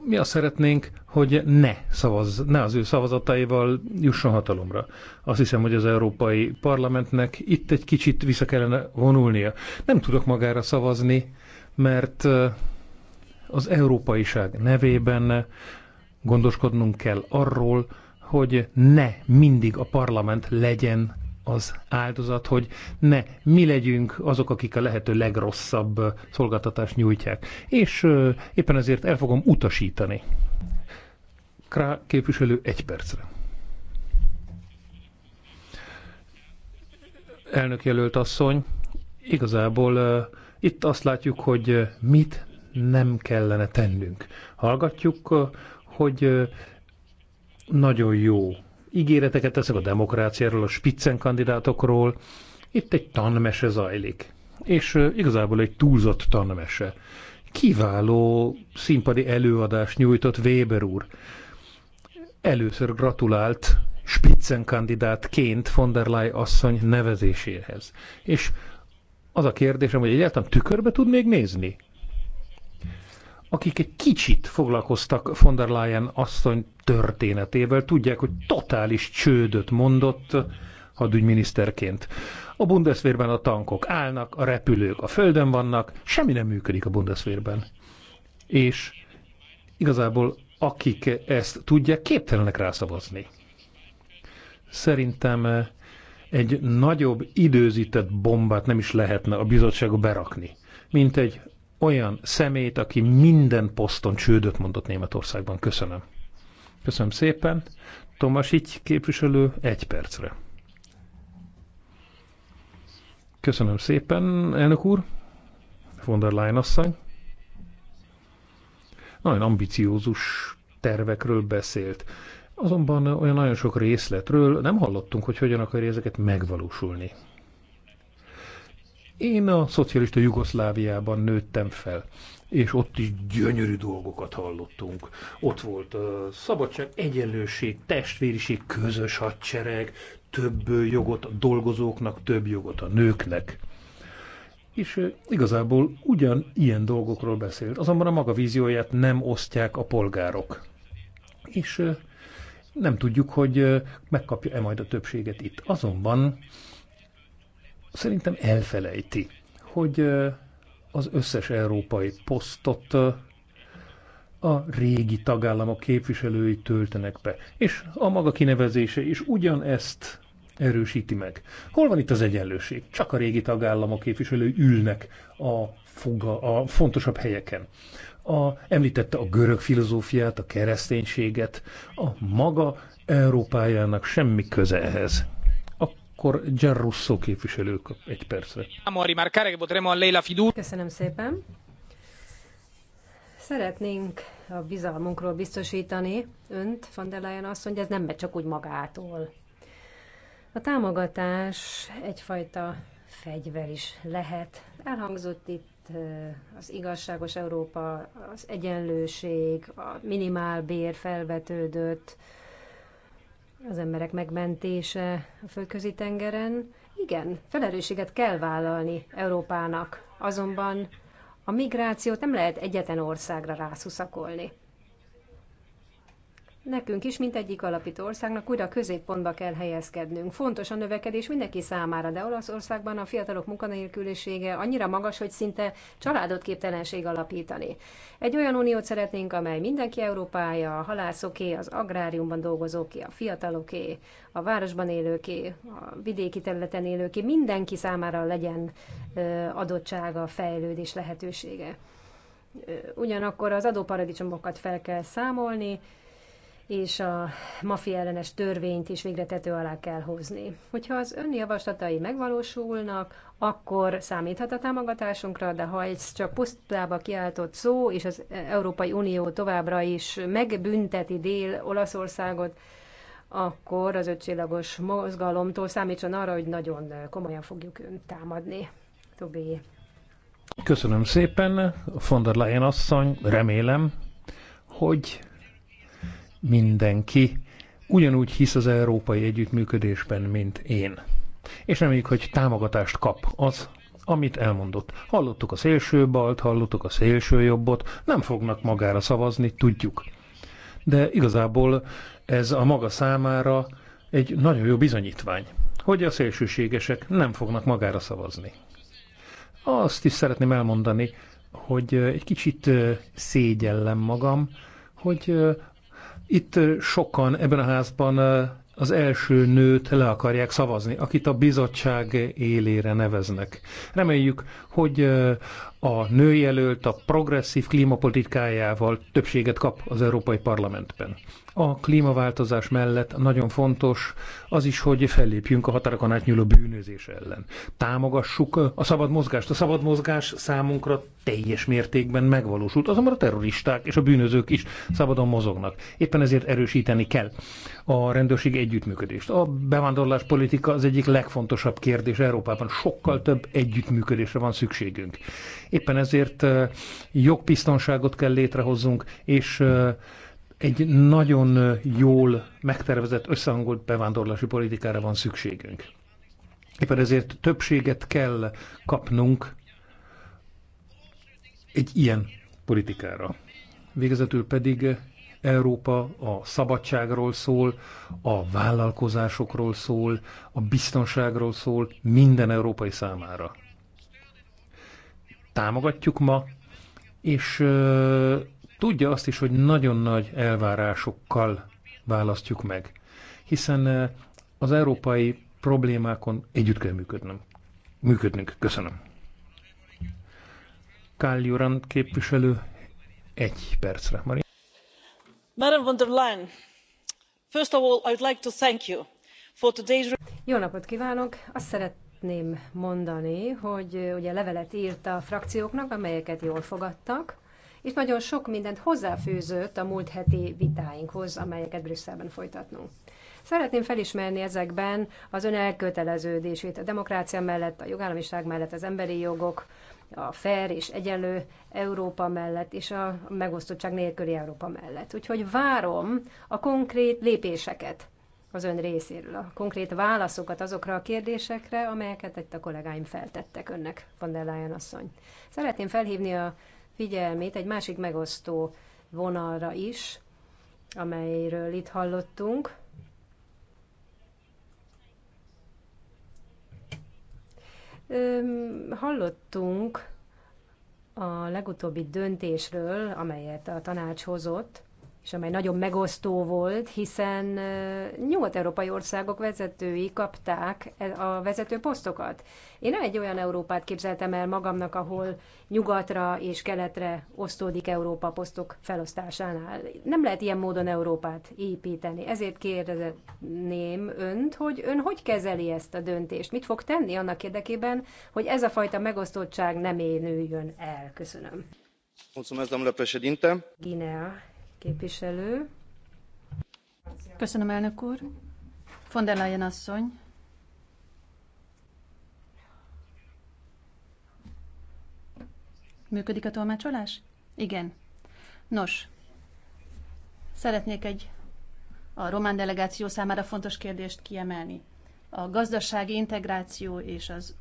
Mi azt szeretnénk, hogy ne szavaz, ne az ő szavazataival jusson hatalomra. Azt hiszem, hogy az Európai Parlamentnek itt egy kicsit vissza kellene vonulnia. Nem tudok magára szavazni, mert az európaiság nevében gondoskodnunk kell arról, hogy ne mindig a parlament legyen az áldozat, hogy ne mi legyünk azok, akik a lehető legrosszabb szolgáltatást nyújtják. És éppen ezért el fogom utasítani. Krá képviselő egy percre. Elnök jelölt asszony, igazából itt azt látjuk, hogy mit nem kellene tennünk. Hallgatjuk, hogy nagyon jó ígéreteket teszek a demokráciáról, a spitzen kandidátokról. Itt egy tanmese zajlik, és igazából egy túlzott tanmese. Kiváló színpadi előadást nyújtott Weber úr. Először gratulált spitzen kandidátként von der Leyen asszony nevezéséhez. És az a kérdésem, hogy egyáltalán tükörbe tud még nézni? akik egy kicsit foglalkoztak von der Leyen asszony történetével, tudják, hogy totális csődöt mondott hadügyminiszterként. A Bundeswehrben a tankok állnak, a repülők a földön vannak, semmi nem működik a Bundeswehrben. És igazából akik ezt tudják, képtelenek rászavazni. Szerintem eh, egy nagyobb időzített bombát nem is lehetne a bizottságba berakni, mint egy olyan szemét, aki minden poszton csődöt mondott Németországban. Köszönöm. Köszönöm szépen. Tomas így képviselő egy percre. Köszönöm szépen, elnök úr. Von der Leyen asszony. Nagyon ambiciózus tervekről beszélt. Azonban olyan nagyon sok részletről nem hallottunk, hogy hogyan akarja ezeket megvalósulni. Én a szocialista Jugoszláviában nőttem fel, és ott is gyönyörű dolgokat hallottunk. Ott volt a szabadság, egyenlőség, testvériség, közös hadsereg, több jogot a dolgozóknak, több jogot a nőknek. És igazából ugyan ilyen dolgokról beszélt, azonban a maga vízióját nem osztják a polgárok. És nem tudjuk, hogy megkapja-e majd a többséget itt. Azonban szerintem elfelejti, hogy az összes európai posztot a régi tagállamok képviselői töltenek be, és a maga kinevezése is ugyanezt erősíti meg. Hol van itt az egyenlőség? Csak a régi tagállamok képviselői ülnek a, foga, a fontosabb helyeken. A, említette a görög filozófiát, a kereszténységet, a maga Európájának semmi köze ehhez. Akkor Russo képviselő egy percre. Köszönöm szépen. Szeretnénk a bizalmunkról biztosítani önt, van der Leyen azt mondja, ez nem megy csak úgy magától. A támogatás egyfajta fegyver is lehet. Elhangzott itt az igazságos Európa, az egyenlőség, a minimálbér felvetődött, az emberek megmentése a földközi tengeren. Igen, felelősséget kell vállalni Európának, azonban a migrációt nem lehet egyetlen országra rászuszakolni. Nekünk is, mint egyik alapító országnak újra középpontba kell helyezkednünk. Fontos a növekedés mindenki számára, de Olaszországban a fiatalok munkanélkülisége annyira magas, hogy szinte családot képtelenség alapítani. Egy olyan uniót szeretnénk, amely mindenki Európája, a halászoké, az agráriumban dolgozóké, a fiataloké, a városban élőké, a vidéki területen élőké, mindenki számára legyen adottsága, fejlődés lehetősége. Ugyanakkor az adóparadicsomokat fel kell számolni, és a mafia ellenes törvényt is végre tető alá kell hozni. Hogyha az ön javaslatai megvalósulnak, akkor számíthat a támogatásunkra, de ha ez csak pusztába kiáltott szó, és az Európai Unió továbbra is megbünteti Dél-Olaszországot, akkor az ötcsillagos mozgalomtól számítson arra, hogy nagyon komolyan fogjuk önt támadni. Tobi. Köszönöm szépen, von der Leyen asszony, remélem, hogy mindenki ugyanúgy hisz az európai együttműködésben, mint én. És reméljük, hogy támogatást kap az, amit elmondott. Hallottuk a szélső balt, hallottuk a szélső jobbot, nem fognak magára szavazni, tudjuk. De igazából ez a maga számára egy nagyon jó bizonyítvány, hogy a szélsőségesek nem fognak magára szavazni. Azt is szeretném elmondani, hogy egy kicsit szégyellem magam, hogy itt sokan ebben a házban az első nőt le akarják szavazni, akit a bizottság élére neveznek. Reméljük, hogy a nőjelölt a progresszív klímapolitikájával többséget kap az Európai Parlamentben. A klímaváltozás mellett nagyon fontos az is, hogy fellépjünk a határokon átnyúló bűnözés ellen. Támogassuk a szabad mozgást. A szabad mozgás számunkra teljes mértékben megvalósult, azonban a terroristák és a bűnözők is szabadon mozognak. Éppen ezért erősíteni kell a rendőrség együttműködést. A bevándorlás politika az egyik legfontosabb kérdés Európában. Sokkal több együttműködésre van szükségünk Éppen ezért jogbiztonságot kell létrehozzunk, és egy nagyon jól megtervezett, összehangolt bevándorlási politikára van szükségünk. Éppen ezért többséget kell kapnunk egy ilyen politikára. Végezetül pedig Európa a szabadságról szól, a vállalkozásokról szól, a biztonságról szól minden európai számára támogatjuk ma, és ö, tudja azt is, hogy nagyon nagy elvárásokkal választjuk meg. Hiszen ö, az európai problémákon együtt kell működnöm. működnünk. Köszönöm. Kál Juran képviselő, egy percre. Maria. Madam von der Leyen, first of all, I would like to thank you for today's... Jó napot kívánok! Azt szeret, szeretném mondani, hogy ugye levelet írt a frakcióknak, amelyeket jól fogadtak, és nagyon sok mindent hozzáfűzött a múlt heti vitáinkhoz, amelyeket Brüsszelben folytatnunk. Szeretném felismerni ezekben az ön elköteleződését a demokrácia mellett, a jogállamiság mellett, az emberi jogok, a fair és egyenlő Európa mellett, és a megosztottság nélküli Európa mellett. Úgyhogy várom a konkrét lépéseket az ön részéről a konkrét válaszokat azokra a kérdésekre, amelyeket itt a kollégáim feltettek önnek, von der Leyen asszony. Szeretném felhívni a figyelmét egy másik megosztó vonalra is, amelyről itt hallottunk. Öm, hallottunk a legutóbbi döntésről, amelyet a tanács hozott, és amely nagyon megosztó volt, hiszen nyugat európai országok vezetői kapták a vezető posztokat. Én nem egy olyan Európát képzeltem el magamnak, ahol nyugatra és keletre osztódik Európa posztok felosztásánál. Nem lehet ilyen módon Európát építeni. Ezért kérdezném önt, hogy ön hogy kezeli ezt a döntést? Mit fog tenni annak érdekében, hogy ez a fajta megosztottság nem énüljön el? Köszönöm. Mulțumesc, domnule președinte. Guinea képviselő. Köszönöm, elnök úr. Von der Leyen asszony. Működik a tolmácsolás? Igen. Nos, szeretnék egy a román delegáció számára fontos kérdést kiemelni. A gazdasági integráció és az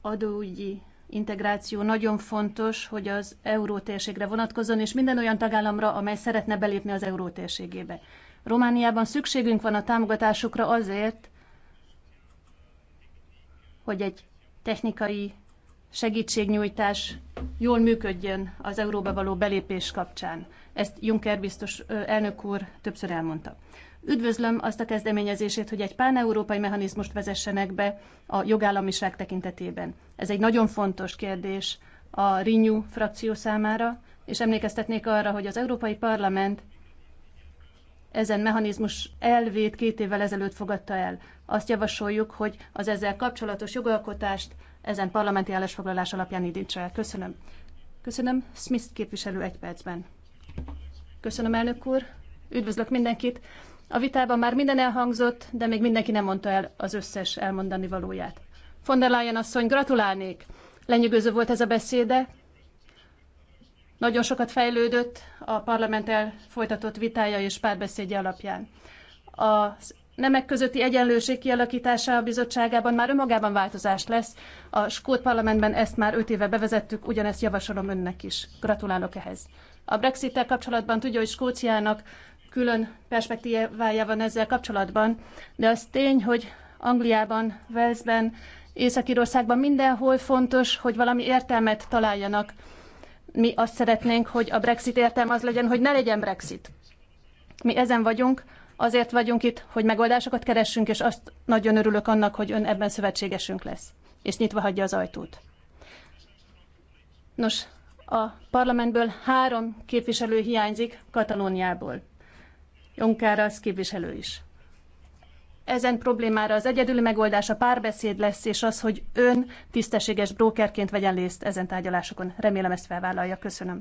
adóügyi integráció nagyon fontos, hogy az eurótérségre vonatkozzon, és minden olyan tagállamra, amely szeretne belépni az eurótérségébe. Romániában szükségünk van a támogatásokra azért, hogy egy technikai segítségnyújtás jól működjön az euróba való belépés kapcsán. Ezt Juncker biztos elnök úr többször elmondta. Üdvözlöm azt a kezdeményezését, hogy egy páneurópai mechanizmust vezessenek be a jogállamiság tekintetében. Ez egy nagyon fontos kérdés a Renew frakció számára, és emlékeztetnék arra, hogy az Európai Parlament ezen mechanizmus elvét két évvel ezelőtt fogadta el. Azt javasoljuk, hogy az ezzel kapcsolatos jogalkotást ezen parlamenti állásfoglalás alapján indítsa el. Köszönöm. Köszönöm. Smith képviselő egy percben. Köszönöm, elnök úr. Üdvözlök mindenkit. A vitában már minden elhangzott, de még mindenki nem mondta el az összes elmondani valóját. Von der Leyen asszony, gratulálnék! Lenyűgöző volt ez a beszéde. Nagyon sokat fejlődött a parlamenttel folytatott vitája és párbeszédje alapján. A nemek közötti egyenlőség kialakítása a bizottságában már önmagában változás lesz. A Skót parlamentben ezt már öt éve bevezettük, ugyanezt javasolom önnek is. Gratulálok ehhez. A Brexit-tel kapcsolatban tudja, hogy Skóciának külön perspektívája van ezzel kapcsolatban, de az tény, hogy Angliában, Walesben, Észak-Írországban mindenhol fontos, hogy valami értelmet találjanak. Mi azt szeretnénk, hogy a Brexit értelme az legyen, hogy ne legyen Brexit. Mi ezen vagyunk, azért vagyunk itt, hogy megoldásokat keressünk, és azt nagyon örülök annak, hogy ön ebben szövetségesünk lesz, és nyitva hagyja az ajtót. Nos, a parlamentből három képviselő hiányzik Katalóniából az képviselő is. Ezen problémára az egyedüli megoldás a párbeszéd lesz, és az, hogy ön tisztességes brókerként vegyen részt ezen tárgyalásokon. Remélem ezt felvállalja. Köszönöm.